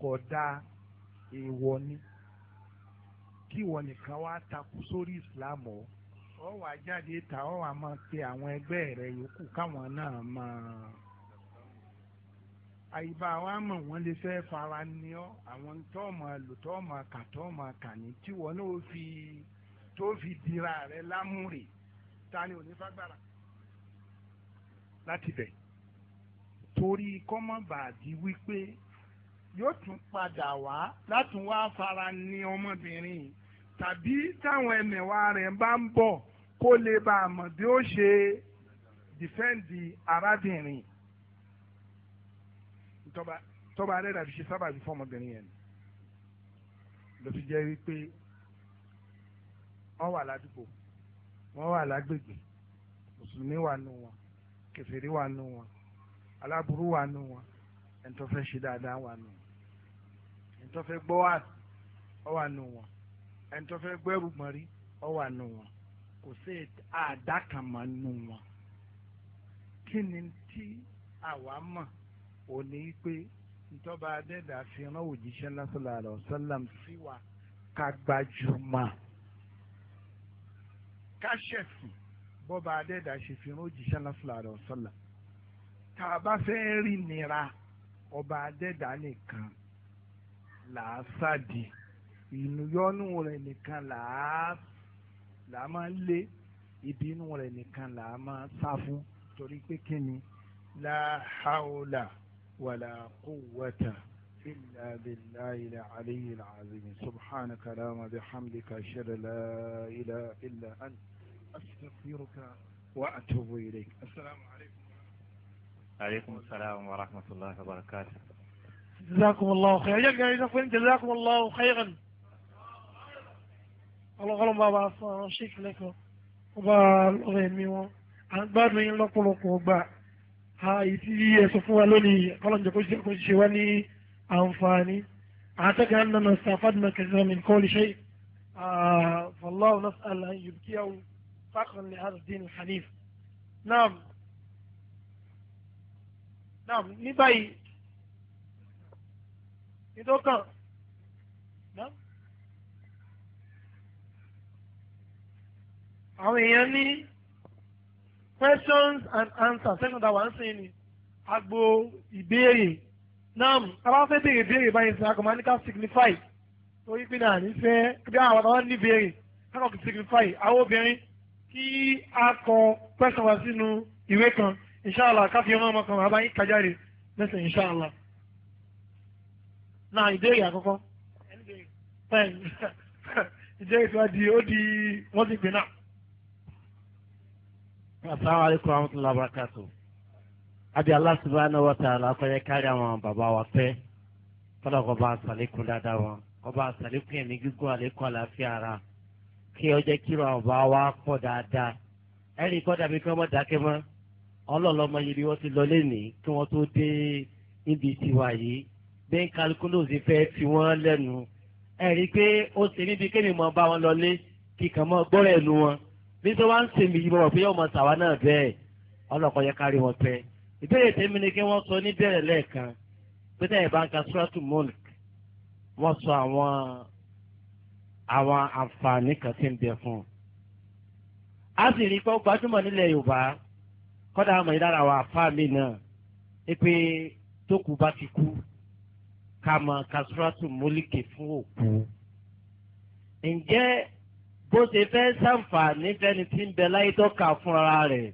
kódà èèwọ̀ ni kí ìwọ nìkan wá takú sórí Islam o ọ wà jáde ta ọ wà máa pe àwọn ẹgbẹ́ rẹ̀ yòókù káwọn náà máa àyíbá wa mọ̀ wọ́n lè fẹ́ fara ní ọ́ àwọn tó mọ̀ lò tó mọ̀ kà tó mọ̀ kà ní tí wọ́n náà fi tó fi dira rẹ̀ lámúre ta ni òní fagbára láti bẹ̀ torí kọ́mọ́bàdì wípé yóò tún padà wá látún wá fara ní ọmọbìnrin tàbí táwọn ẹmẹ̀wá rẹ̀ bá ń bọ̀ kó lè bá a mọ̀ bí ó ṣe dìfẹ́ǹdì arábìnrin tọ́ba adẹ́dà fi ṣe sábàbí fún ọmọbìnrin yẹn ló fi jẹ́ wípé wọ́n wà ládùúgbò wọ́n wà lágbègbè mùsùlùmí wà nù wọn kèfèrí wà nù wọn aláburú wà nù wọn ẹ̀ńtọ́fẹ́ ṣe dáadáa wà nù wọn ẹ̀ńtọ́fẹ́ gbọ́ wà ọ wà nù wọn ẹ̀ńtọ́fẹ́ gbọ́ ẹ̀rù mọ́rí ọ wà nù wọn kò sí àdá nù wọn kí ni tí àwa mọ̀ ò ní í pé ntọ́ba adẹ́dà fi rán òjíṣẹ́ lásìlá àlọ́ sálàm sí wa ká gbajúmọ̀ ká ṣẹ̀sìn bọ́ba adẹ́dà ṣe fi rán òjíṣẹ́ lásìlá àlọ́ sálàm tá a bá fẹ́ rí nira ọba adẹ́dà nìkan làásàdì ìnúyọ́nù rẹ̀ nìkan làá lé ìbínú rẹ̀ nìkan làá máa torí pé kí ni ولا قوة إلا بالله العلي العظيم سبحانك لا بحمدك أشهد لا إله إلا أنت أستغفرك وأتوب إليك السلام عليكم عليكم السلام ورحمة الله وبركاته جزاكم الله خيرا جزاكم الله خيرا الله bá بابا ṣíkìlẹ́kọ̀ọ́ ọba ọ̀rẹ́ mi wọn à ń gbádùn yín lọ́pọ̀lọpọ̀ ìtí ẹ̀sùn fún wa lónìí kọ́lọ́njẹ́ kó ṣe wá ní àǹfààní àtẹ́gà ń nana sàfàdùnà kẹsàn-án mi kọ́ lè ṣe fọláwù náà sàlà yubkiyahu fákan ní azdin hanif. naam naam ní báyìí ìdókàn naam. àwọn èèyàn ní questions and answers sẹ́nu tá a wà ń sìn ni agbo ìbéèrè náà tábà fẹ́ béèrè béèrè báyìí sí akọ̀mọ́ níka signify torí pé náà ní fẹ́ bí àwọn àtàwọn ní béèrè kákọ̀ kì signify àwọn obìnrin kí a kọ question wá sínú ìwé kan inshàlá káfí ọmọ ọmọ kan àbáyé kájáde lẹ́sẹ̀ inshàlá náà ìbéèrè àkọ́kọ́ [LAUGHS] ìbéèrè tí wọ́n di ó di wọ́n ti gbé náà asalaamualeykum wa rahmatulahi wa barakatu. abi Allah subhanahu na ta'ala akọyẹ kárí àwọn baba wa pẹ́ kọ́dọ̀ kọ́ bá asalekun dáadáa wọn kọ́ bá asalekun ẹ̀mí gígùn àlékún àlàáfíà ara kí ọjọ́ kíro àwọn bàbá wa pọ̀ dáadáa ẹ̀rí kọ́ dàbí kí wọ́n mọ̀ dákẹ́ mọ́ ọlọ́ọ̀lọ́mọ yìí ni wọ́n ti lọ lẹ́nìí kí wọ́n tó dé níbi tiwa yìí bẹ́ẹ̀ kálukú sì fẹ́ fi wọ́n lẹ́nu ẹ̀rí pé ó ṣe níbi kémi mọ́ bá wọn lọlé kíkà mọ́ gbọ́rọ̀ ẹ̀nu wọn bí sọ wá ń sèmi yìí bọ̀ pé yóò máa sàwa náà bẹ́ẹ̀ ọlọ́kọ̀ yẹ kárí wọn pẹ́ ìbéèrè tèmi ni kí wọ́n sọ níbẹ̀rẹ̀ lẹ́ẹ̀kan pé tẹ̀yẹ̀ bá ń ka suratu mulk wọ́n sọ àwọn àwọn àǹfààní kan tí ń bẹ fún un. a sì rí i pé ó gbajúmọ̀ nílẹ̀ Yorùbá kọ́dà àmọ̀ yìí lára àwọn àfáà mi náà é pé tókù bá ti kú ká máa ka suratu mulk fún òkú. ǹjẹ́ bó ṣe fẹ́ ṣàǹfààní fẹ́ni tí ń bẹ láyé tó kà fúnra rẹ̀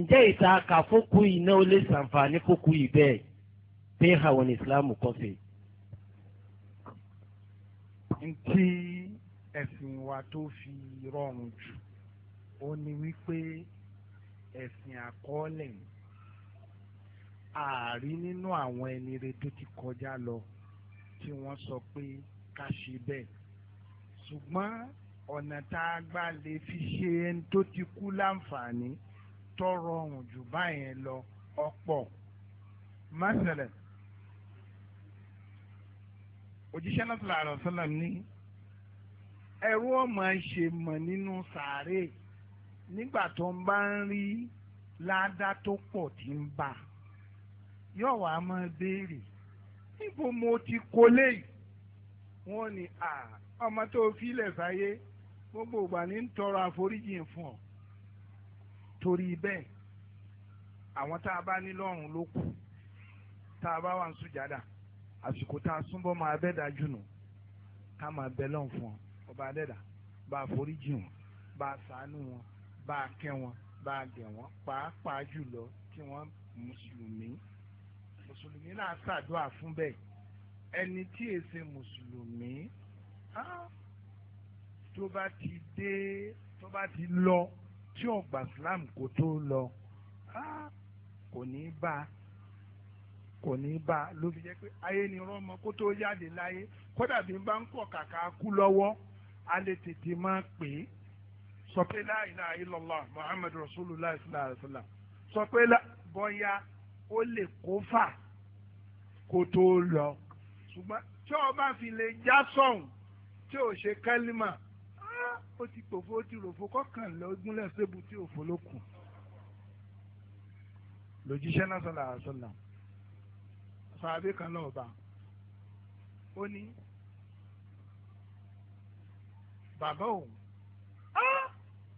ǹjẹ́ ìta kà fókù yìí náà ó lè ṣàǹfààní fókù yìí bẹ́ẹ̀ pé àwọn ìsìláàmù kọ́ sí. ntí ẹ̀sìn wa tó fi rọrùn jù ó ní wípé ẹ̀sìn àkọọ́lẹ̀ ààrí nínú àwọn ẹni rẹ tó ti kọjá lọ tí wọ́n sọ pé ká ṣe bẹ́ẹ̀ ṣùgbọ́n ọ̀nà tá a gbà lè fi ṣe ẹni tó ti kú láǹfààní tó rọrùn jù báyẹn lọ ọ̀pọ̀ masalan òjíṣẹ́ náà sọ̀rọ̀ àrọ̀ sọ́lá ní ẹrú ọmọ ṣe mọ̀ nínú sàárè nígbà tó ń bá ń rí ládàá tó pọ̀ tí ń bà yóò wá máa béèrè níbo mo ti kólé yìí wọ́n ní ọmọ tó fi ilẹ̀ fàyè gbogbo ìgbà ní ń tọrọ àforíjìn fún ọ torí bẹ́ẹ̀ àwọn tá a bá ní lọ́rùn ló kù tá a bá wà ń sùjádà àsìkò tá a súnbọ́ máa bẹ́ẹ̀ dájú nù ká máa bẹ lọ́rùn fún ọ ọba adẹ́dà bá a foríjìn wọn bá a ṣàánú wọn bá a kẹ́ wọn bá a gẹ̀ wọn pàápàá jùlọ tí wọ́n mùsùlùmí mùsùlùmí náà ṣàdúrà fún bẹ́ẹ̀ ẹni tí èsè mùsùlùmí. Ah tó bá ti dé tó bá ti lọ tí ò gbà islam kó tó lọ kò ní bá kò ní bá ló fi jẹ́ pé ayé ni rọ́mọ kó tó jáde láyé kódà bí n bá ń kọ̀ kàkà kú lọ́wọ́ a lè tètè máa pè é sọ pé la ilaha illallah muhammadu rasulullah sallallahu alaihi wasallam sọ pé bọ́yá ó lè kó fà kó tó lọ ṣùgbọ́n tí o fi lè já sọ̀hún tí o ṣe kálímà ó ti pòfo ó ti ròfo kọkànlélógún lẹ́sẹ̀bù tí òfo ló kù lòjíṣẹ́ náà sọ̀lá àṣọlá sàbí kan náà bá ó ní bàbá òun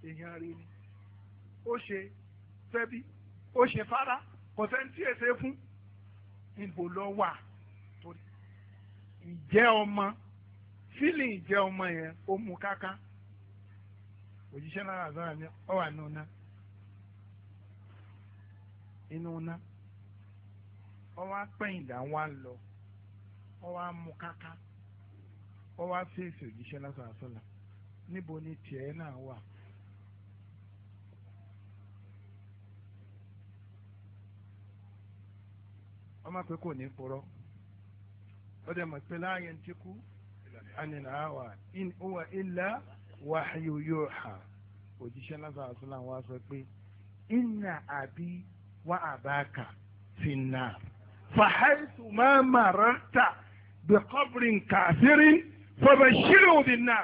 èèyàn rí ni ó ṣe fẹ́bí ó ṣe fara kò sẹ́ńtì èsè fún ìbò lọ wà torí ìjẹ́ ọmọ fílì ìjẹ́ ọmọ yẹn ó mú káká òjíṣẹ́ náà àzọ́ra ni ọ wà nínú ná inú ná ọ wá pẹ̀yìndà wá lọ ọ wá mú káká ọ wá fèsì òjíṣẹ́ lásán àsọ̀là níbo ni tiẹ̀ náà wà. ọmọ pé kò ní purọ́ ó dẹ̀ mọ̀ pé láàyè ń tí kú ànínà àwà in huwa illa wáyú yóò hà òjíṣẹ́ lásán àṣìláàn wá sọ pé inna àbí wá àbáka fi nà fàhàìsù máa màrátà bí kọ́bìrín kàfírín fọ̀bẹ̀ sílùú bí nà.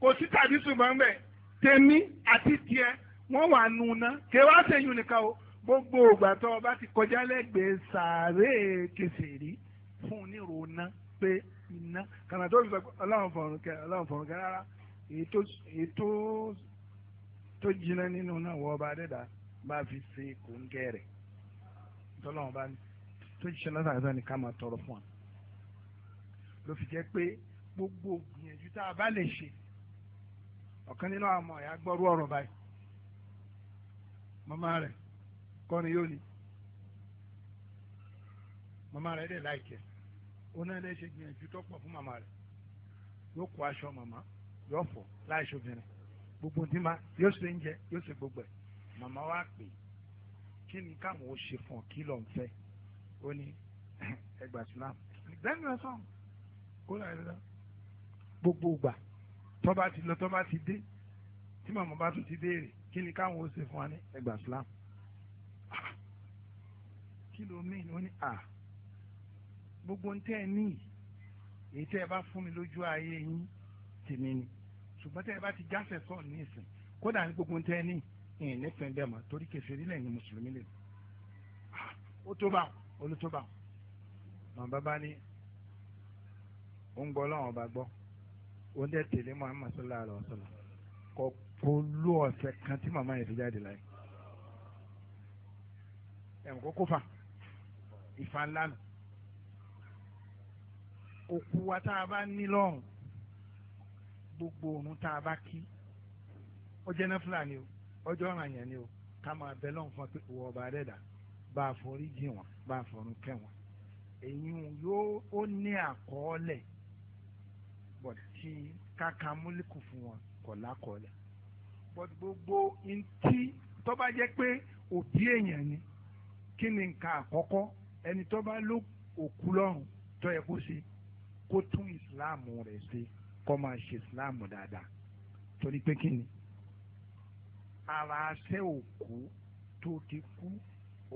kò sí tàbí ṣùgbọ́n bẹ́ẹ̀ tèmi àti tiẹ̀ wọ́n wà nù ná kéwàá sẹ́yìn nìkan o gbogbo ògbà tó o bá ti kọjá lẹ́gbẹ̀ẹ́ sàárè kẹsìrì fún un ní ìrònà pé iná kànáà tó sọ pé ọlọ́run fọ̀rùn kẹ ọlọ́run fọ̀rùn kẹ rárá ètò tó jiná nínú náà wọ́n bá dẹ́dà bá fi ṣe kòńgẹ́ rẹ̀ tọ́lọ́run bá ní tó jíṣẹ́ lọ́sàn àti sọ́ni ká máa tọrọ fún wa ló fi jẹ́ pé gbogbo gbìyànjú tá a bá lè ṣe ọ̀kan nínú àwọn ọmọ ìyá gbọ́rú ọ̀rọ̀ báyìí màmá rẹ̀ kọ́ni yóò ní màmá rẹ̀ dẹ̀ láìkẹ́. Like onílẹ̀ ṣe gbìyànjú tó pọ̀ fún màmá rẹ̀ yóò kó aṣọ màmá yóò fọ̀ láìṣe obìnrin gbogbo ní ma yóò ṣe ń jẹ yóò ṣe gbogbo ẹ̀ màmá wa pè kí ni káwọn ò ṣe fún ọ kí ló ń fẹ́ ó ní [LAUGHS] ẹgbà islam lẹ́nu ẹ̀ sọ̀rọ̀ kó láì lọ gbogbo ìgbà tó ti lọ tó ti dé tí màmá bá tún ti béèrè kí ni káwọn ò ṣe fún wa ní ẹgbà islam ah, kí ló mí ni ó ní à. Ah, gbogbo ń tẹ́ ẹ ní èyí tẹ́ ẹ bá fún mi lójú ayé yín tèmi ni ṣùgbọ́n tẹ́ ẹ bá ti jáfẹ́ sọ̀ ní ìsìn kódà ní gbogbo ń tẹ́ ẹ ní ìyẹn nífẹ̀ẹ́ bẹ́ẹ̀ mọ́ torí kẹfẹ́rí lẹ́yìn mùsùlùmí lè ah, ó tó bá olótó bá àwọn bàbá ní ó ń gbọ́ lọ́wọ́ bá gbọ́ ó ń dẹ́ tẹ̀lé Muhammad sallallahu alaihi wasallam kọ́ polú ọ̀sẹ̀ kan tí màmá yẹn fi jáde láyé ẹ̀ ń kó kófà ìfà ńlá nù òkú wa tá a bá ní lọ́rùn gbogbo òun tá a bá kí ó náà fúlàní o ọjọ́ ọ̀ràn yẹn ni o ká máa bẹ lọ́run fún pé ìwọ ọba adẹ́dà bá a forí jì wọ́n bá a fọ̀run kẹ́ wọ́n èyí yóò ó ní àkọọ́lẹ̀ bọ̀ tí káka múlíkù fún wọn kọ̀ lákọọ́lẹ̀ bọ̀ gbogbo ntí tó bá jẹ́ pé òbí èèyàn ni kí ni nǹkan àkọ́kọ́ ẹni tó bá ló òkú lọ́rùn tó yẹ kó ṣe kó tún ìsìláàmù rẹ̀ ṣe kó máa ṣe ìsìláàmù dáadáa torí pé kí ni ara aṣẹ́ òkú tó ti kú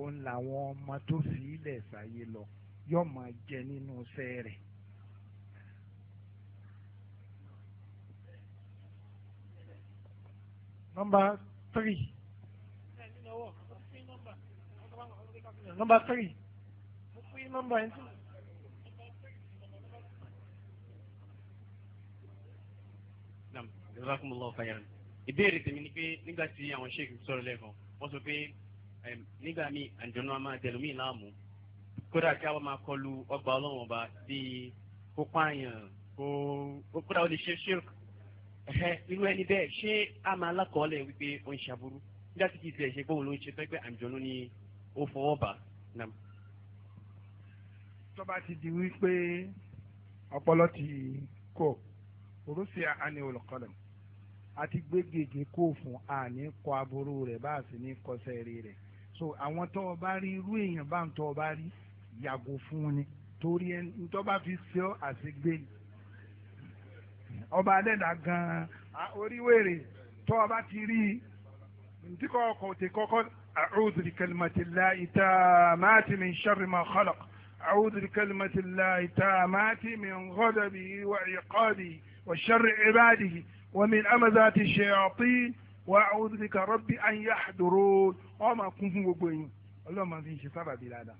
òun làwọn ọmọ tó fi ilẹ̀ sáyé lọ yóò máa jẹ nínú iṣẹ́ rẹ̀. nọ́mbà tírì nọ́mbà tírì mo pín nọ́mbà yẹn tí mo. jazakumullahu khairan ìbéèrè tèmi ni pé nígbà tí àwọn sheik sọ̀rọ̀ lẹ́ẹ̀kan wọ́n sọ pé nígbà míì àjọ̀nù àmà tẹlumi láàmú kódà kí àwọn máa kọlu ọgbà ọlọ́wọ́n ọba bíi kó pààyàn kó kódà ó lè ṣe sheik irú ẹni bẹ́ẹ̀ ṣé a máa lákọọ́lẹ̀ wípé ó ń ṣàbúrú nígbà tí kì tiẹ̀ ṣe pé òun ló ń ṣe pẹ́pẹ́ àjọ̀nù ni ó fọwọ́ bà nam. tó bá ti di wípé ọpọlọ ti kó orúṣìá àni olùkọ́lẹ̀ àti gbégege kó fún àní kọ aburú rẹ̀ bá sì ní kọsẹ̀ rí rẹ̀ so àwọn tó o bá rí irú èèyàn bá ń tó o bá rí yàgò fún ni torí ẹni tó bá fi ṣe ọ́ àṣegbè ọba adẹ́dà gan-an oríwèrè tó o bá ti rí i kò kò tí kọ́kọ́ a'udhu bi kalimatillahi tammati min sharri ma khalaq a'udhu bi kalimatillahi tammati min ghadabihi wa iqabihi wa sharri ibadihi. ومن أمزات الشياطين وأعوذ بك ربي أن يحضرون وما كنتم وبين الله ما في شيء سبب لا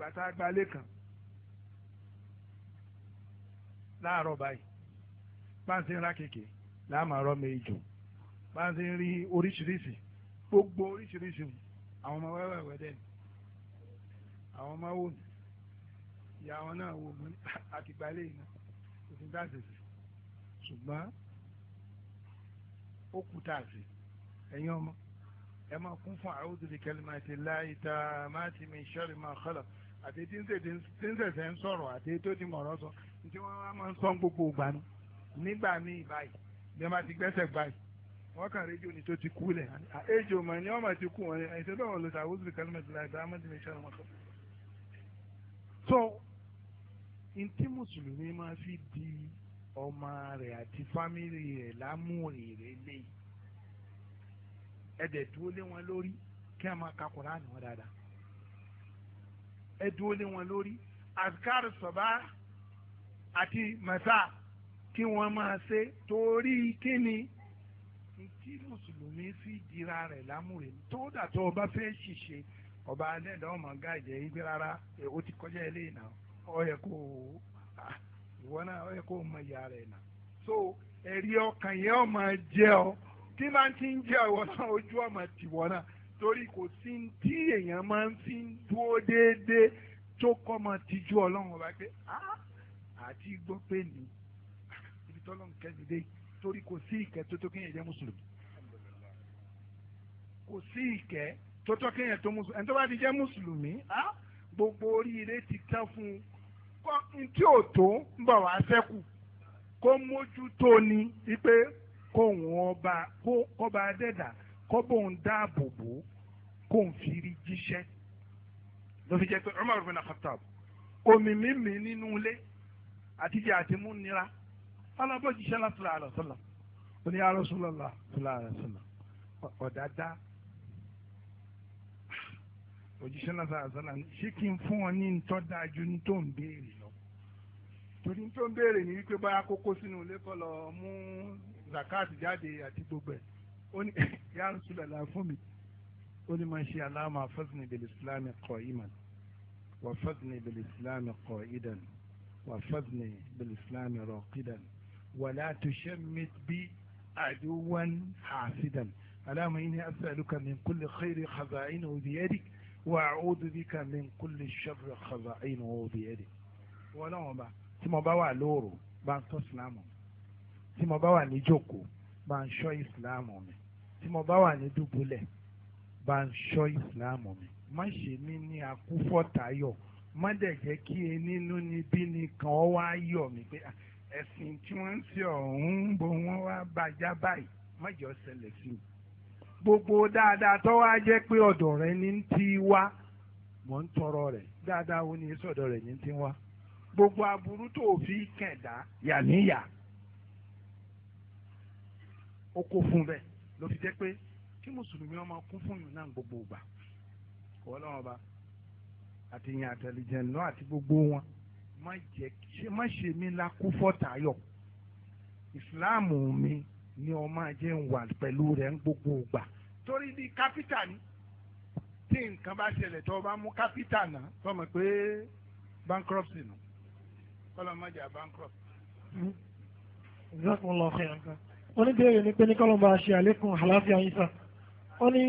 bàtà gbalẹ̀ kan láàárọ̀ báyìí pàǹsí ńlá kéèké láàmàrọ̀ méjì pàǹsí ń rí oríṣiríṣi gbogbo oríṣiríṣi àwọn ọmọ wẹ́wẹ́wẹ́ dẹ́ni àwọn ọmọ wò ní ìyá wọn náà wò mọ́ àtìgbálẹ̀ yìí náà òfin dáṣẹ̀sì ṣùgbọ́n ó kú tààsì ẹ̀yin ọmọ ẹ máa kún fún a'udhu bi kalimatillahi tammati min sharri ma khalaq àti tí ń sẹ̀sẹ̀ ń sọ̀rọ̀ àti tó ti mọ̀rọ̀ sọ tí wọ́n wá máa ń sọ gbogbo ìgbà nu nígbà míì báyìí bí wọ́n bá ti gbẹ́sẹ̀ báyìí wọ́n kàn rédíò ni tó ti kú lẹ̀ ejò mọ̀ ni wọ́n máa ti kú wọn ẹ̀ ṣe bẹ́ẹ̀ lọ sí a'udhu bi kalimatillahi tammati min so ntí mùsùlùmí máa fi di ọmọ rẹ̀ àti fámìlì rẹ̀ lámúrèrè lé ẹ̀dẹ̀ dúró lé wọn lórí kí a máa ka Kùránì wọn dáadáa ẹ dúró lé wọn lórí àkàrà sọ̀bá àti mẹ́ta kí wọ́n máa ṣe torí kíni tí mùsùlùmí fi dira rẹ̀ lámúre tó dàtọ̀ ọba fẹ́ ṣiṣẹ́ ọba alẹ́ dánwó màá gáàjẹ́ yín pé rárá ó ti kọjá eléyìí náà ó yẹ kó o ìwọ náà ó yẹ kó o mọ ìyá rẹ̀ nà so ẹ̀rí ọkàn yẹn ó jẹ ọ tí máa ti ń jẹ ìwọ náà ojú ọmọ tìwọ náà torí kò sí tí èèyàn máa ń fi ń dúró déédéé tó kọ́ máa tijú ọlọ́run ọba pé àti gbọ́ pé ní ibi tọ́lọ́ kẹ́mi dé torí kò sí ìkẹ́ tó tó kéèyàn jẹ́ mùsùlùmí kò sí ìkẹ́ tó tó kéèyàn tó mùsùlùmí ẹni tó bá ti jẹ́ mùsùlùmí gbogbo oríire ti tán fún un kọ́ ntí ò tó ń bọ̀ wá sẹ́kù kó mójútó ni wípé kó wọn bá kó bá dẹ́dà kó bóun dáàbò bò kó n fi rí jíṣẹ́ ló fi jẹ́ pé Umar bin Khattab omi mímì nínú ilé àtijọ́ àti mú nira alábọ̀ jíṣẹ́ láti la àlọ́ sọ́la oní arọ́sọ́lá la ti la àlọ́ sọ́la ọ̀dàdá òjíṣẹ́ náà sọ̀rọ̀ sọ́la ṣé kí n fún ọ ní ntọ́ dáa ní tó ń béèrè torí tó ń béèrè ní wípé báyà kókó sínú ilé kọ́ lọ mú zakat jáde àti gbogbo ẹ̀ ó ní yá Rasulullah fún mi ó ní máa ṣe aláàmà fásitì ìbẹ̀lẹ̀ islámi kọ̀ ìmàn wà fásitì ìbẹ̀lẹ̀ islámi kọ̀ ìdàn wà fásitì ìbẹ̀lẹ̀ islámi rọ̀ ìdàn wà látò ṣe mẹ́tbí àdúwọ̀n hàṣídàn aláàmà yìí ní asàlùkà min kulli khayri khaza'inu biyadi wà a'udhu bika min kulli sharri khaza'inu biyadi wọ́n náà wọ́n bá tí mo bá wà lóòrò bá ń tọ́ ìsìláàmù mi tí mo bá wà ní jòkó bá ń ṣọ́ ìsìláàmù mi tí mo bá wà ní dùbúlẹ̀ bá ń ṣọ́ ìsìláàmù mi má ṣe mí ní akúfọ̀tayọ̀ má dẹ̀ jẹ́ kí nínú níbí nìkan ọ wá yọ̀ mí pé ẹ̀sìn tí wọ́n ń ṣe ọ̀hún ń wọ́n wá bàjá báyìí má jọ ṣẹlẹ̀ sí mi gbogbo dáadáa tó wá jẹ́ pé ọ̀dọ̀ rẹ ní ti wá mò ń tọrọ rẹ̀ dáadáa wo ni sọ̀dọ̀ rẹ̀ ní ti wá gbogbo aburú tó fi kẹ̀dá yà níyà ó kó fún bẹ́ẹ̀ ló fi jẹ́ pé kí mùsùlùmí ọmọ kún fún yìí náà gbogbo ìgbà ọlọ́run ọba àti ìyìn àtẹlẹjẹun náà àti gbogbo wọn má jẹ́ ṣe má ṣe mí lakú fọ́tàyọ̀ ìsìláàmù mi ni ọmọ ajé ń wà pẹ̀lú rẹ̀ ń gbogbo ìgbà torí bí kápítà ni tí nǹkan bá ṣẹlẹ̀ tó bá mú kápítà náà tó mọ̀ pé bankruptcy nù. No kọ́lọ́mọ́jà bankrupt. Hmm? jazakumullahu khairan nǹkan wọ́n ní bẹ́ẹ̀rẹ̀ ni pé ní kọ́lọ́mọ́ àṣẹ àlékún àlàáfíà yín sà wọ́n ní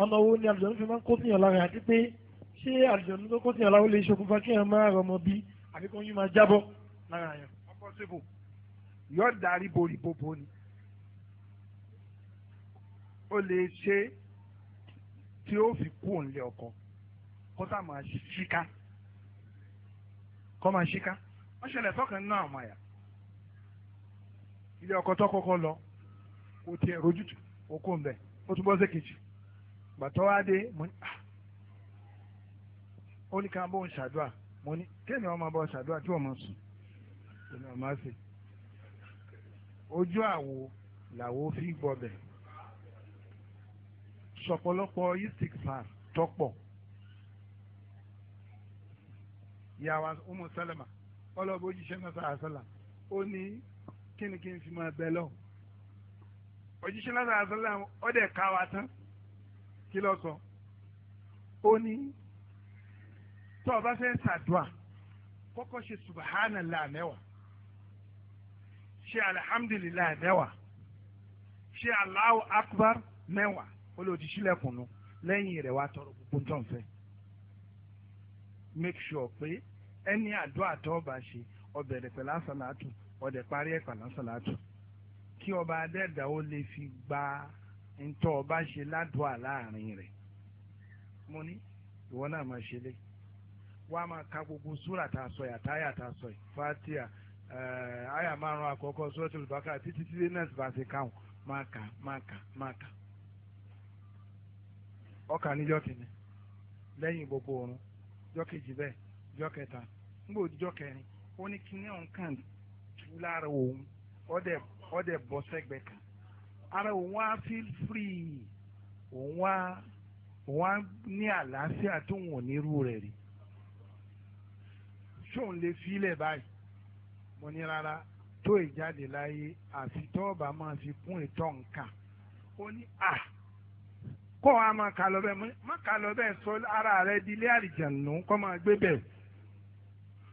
ọ̀nà owó ni àlùjọ́nù fi máa ń kó síyàn lára àti pé ṣé àlùjọ́nù tó kó síyàn lára ó lè ṣokùnfà kí èèyàn máa rọmọ bí àbí kó yín máa jábọ́ lára yẹn. ọpọsibù yóò darí boríbobo ni ó lè ṣe tí ó fi kú òǹlẹ̀ ọkọ kó sá máa ṣíká kọ́ máa ṣíká wọ́n ṣẹlẹ̀ sọ́kàn nínú àwọn àyà ilé ọkọ tó kọ́kọ́ lọ kò tiẹ̀ rojútù okó ń bẹ̀ ó tún bọ́ sékejì gbàtọ́ wá dé mo ní ah! ó ní ká bó ń ṣàdúrà mo ní kéèmì ọmọ bọ́ ṣàdúrà tí wọ́n mọ̀ sùn èmi ọ̀ máa ṣe ojú àwo làwo fi gbọ́ bẹ̀ sọ̀pọ̀lọpọ̀ istik far tọ́pọ̀. ìyàwó ọmọ sálẹ̀mà ọlọ́ọ̀bù òjíṣẹ́ náà sàásálà ó ní kí ni kí n fi máa bẹ lọ́wọ́ òjíṣẹ́ náà sàásálà ó dẹ̀ ká wa tán kí ló sọ ó ní tó o bá fẹ́ ṣàdúà kọ́kọ́ ṣe subahánàlá mẹ́wàá ṣe alihamdulilayi mẹ́wàá ṣe Allahu akbar mẹ́wàá olóòtú sílẹ̀kùn nù lẹ́yìn rẹ̀ wá tọrọ gbogbo tó make sure pé ẹni adọ atọ ọba ṣe ọbẹ̀rẹ̀ pẹ̀lú àsàlátù ọdẹ parí ẹ̀ pẹ̀lú kí ọba adẹ́dà ó lè fi gba ntọ́ ọba ṣe ladọ láàrin rẹ̀ mo ní ìwọ náà máa ṣe lé wàá máa ka gbogbo súrà tá a sọ yìí àtàyà tá a sọ yìí fatia eh, àyà márùn àkọ́kọ́ títí títí bá káwọn máa kà máa kà máa kà ọkà níjọ́ kìíní gbogbo oorun bẹ́ẹ̀ nígbà òdìjọ́ kẹrin ó ní kí ní ọ̀nkàn tú lára òun ọ̀dẹ̀ bọ́ sẹ́gbẹ̀ẹ́ kan ara òun á feel free òun á òun á ní àlàáfíà tó ń wọ̀n nírú rẹ̀ rí ṣóun lè filẹ̀ báyìí mo ní rárá tó ìjáde láyé àfi tọ́ọ̀bà máa fi kún ìtọ́ nǹkan ó ní à kó wa máa kà lọ bẹ́ẹ̀ má kà lọ bẹ́ẹ̀ sọ ara rẹ̀ di ilé àlìjànù kó máa gbé bẹ́ẹ̀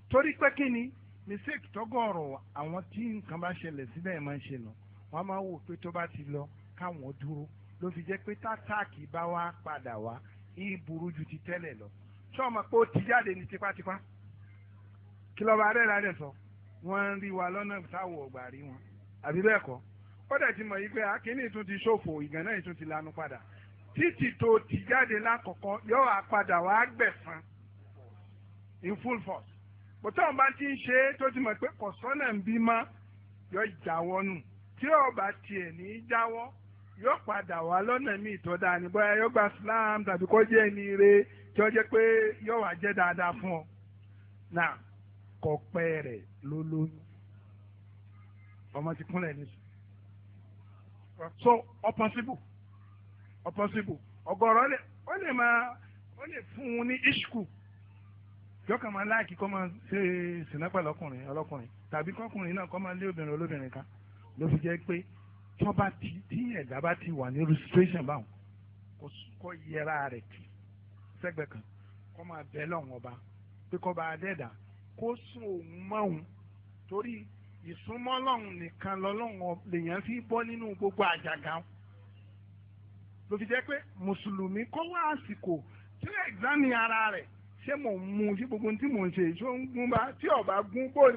torí pé kí ni mistake tọ́gọ̀rọ̀ àwọn tí nǹkan bá ṣẹlẹ̀ síbẹ̀ ẹ̀ máa ń ṣe lọ wọ́n máa wò pé tó bá ti lọ káwọn dúró ló fi jẹ́ pé tátàkì bá wá padà wá yìí burú ju ti tẹ́lẹ̀ lọ tí ọmọ pé ó ti jáde ní tipátipá kí lọ́ba arẹ́ra rẹ̀ sọ wọ́n ń rí wa lọ́nà táwọn ọgbà rí wọn àbí bẹ́ẹ̀ kọ́ ó dẹ̀ ti mọ̀ yí pé akínní tún ti ṣòfò ìgànnà yìí tún ti lanu padà títì tó ti jáde lákọ̀ọ́kọ́ yóò wá padà gbẹ̀sán in full force kò tó ọba ti ń ṣe é tó ti mọ̀ pé kò ń bí má yọ jáwọ́ nù tí ọba tiẹ̀ ní í yọ padà lọ́nà yọ gba slam tàbí kó jẹ́ ẹni re tí ó jẹ́ pé yọ wá jẹ́ dáadáa fún ọ ọpọsibu ọpọsibu ọgọrọ ó lè máa ó jọ́kàn máa láàkì kọ́ máa ṣe sìnà pẹ̀lú ọkùnrin ọlọ́kùnrin tàbí kọ́kùnrin náà kọ́ máa lé obìnrin olóbìnrin kan ló fi jẹ́ pé tọ́ba ti tí ẹ̀dá bá ti wà ní registration báwọn kó yẹra rẹ̀ tì sẹ́gbẹ̀ẹ́ kan kó máa bẹ lọ́wọ́n ọba pé kọ́ba adẹ́dà kó sún òun mọ́hun torí ìsúnmọ́ lọ́hun nìkan lọ́lọ́hun lèèyàn fi bọ́ nínú gbogbo àjàgà ló fi jẹ́ pé mùsùlùmí kó wá àsìkò tí ó ṣé mò ń mu ṣé gbogbo tí mò ń ṣe ṣó ń gún bá tí ọba gún bó ni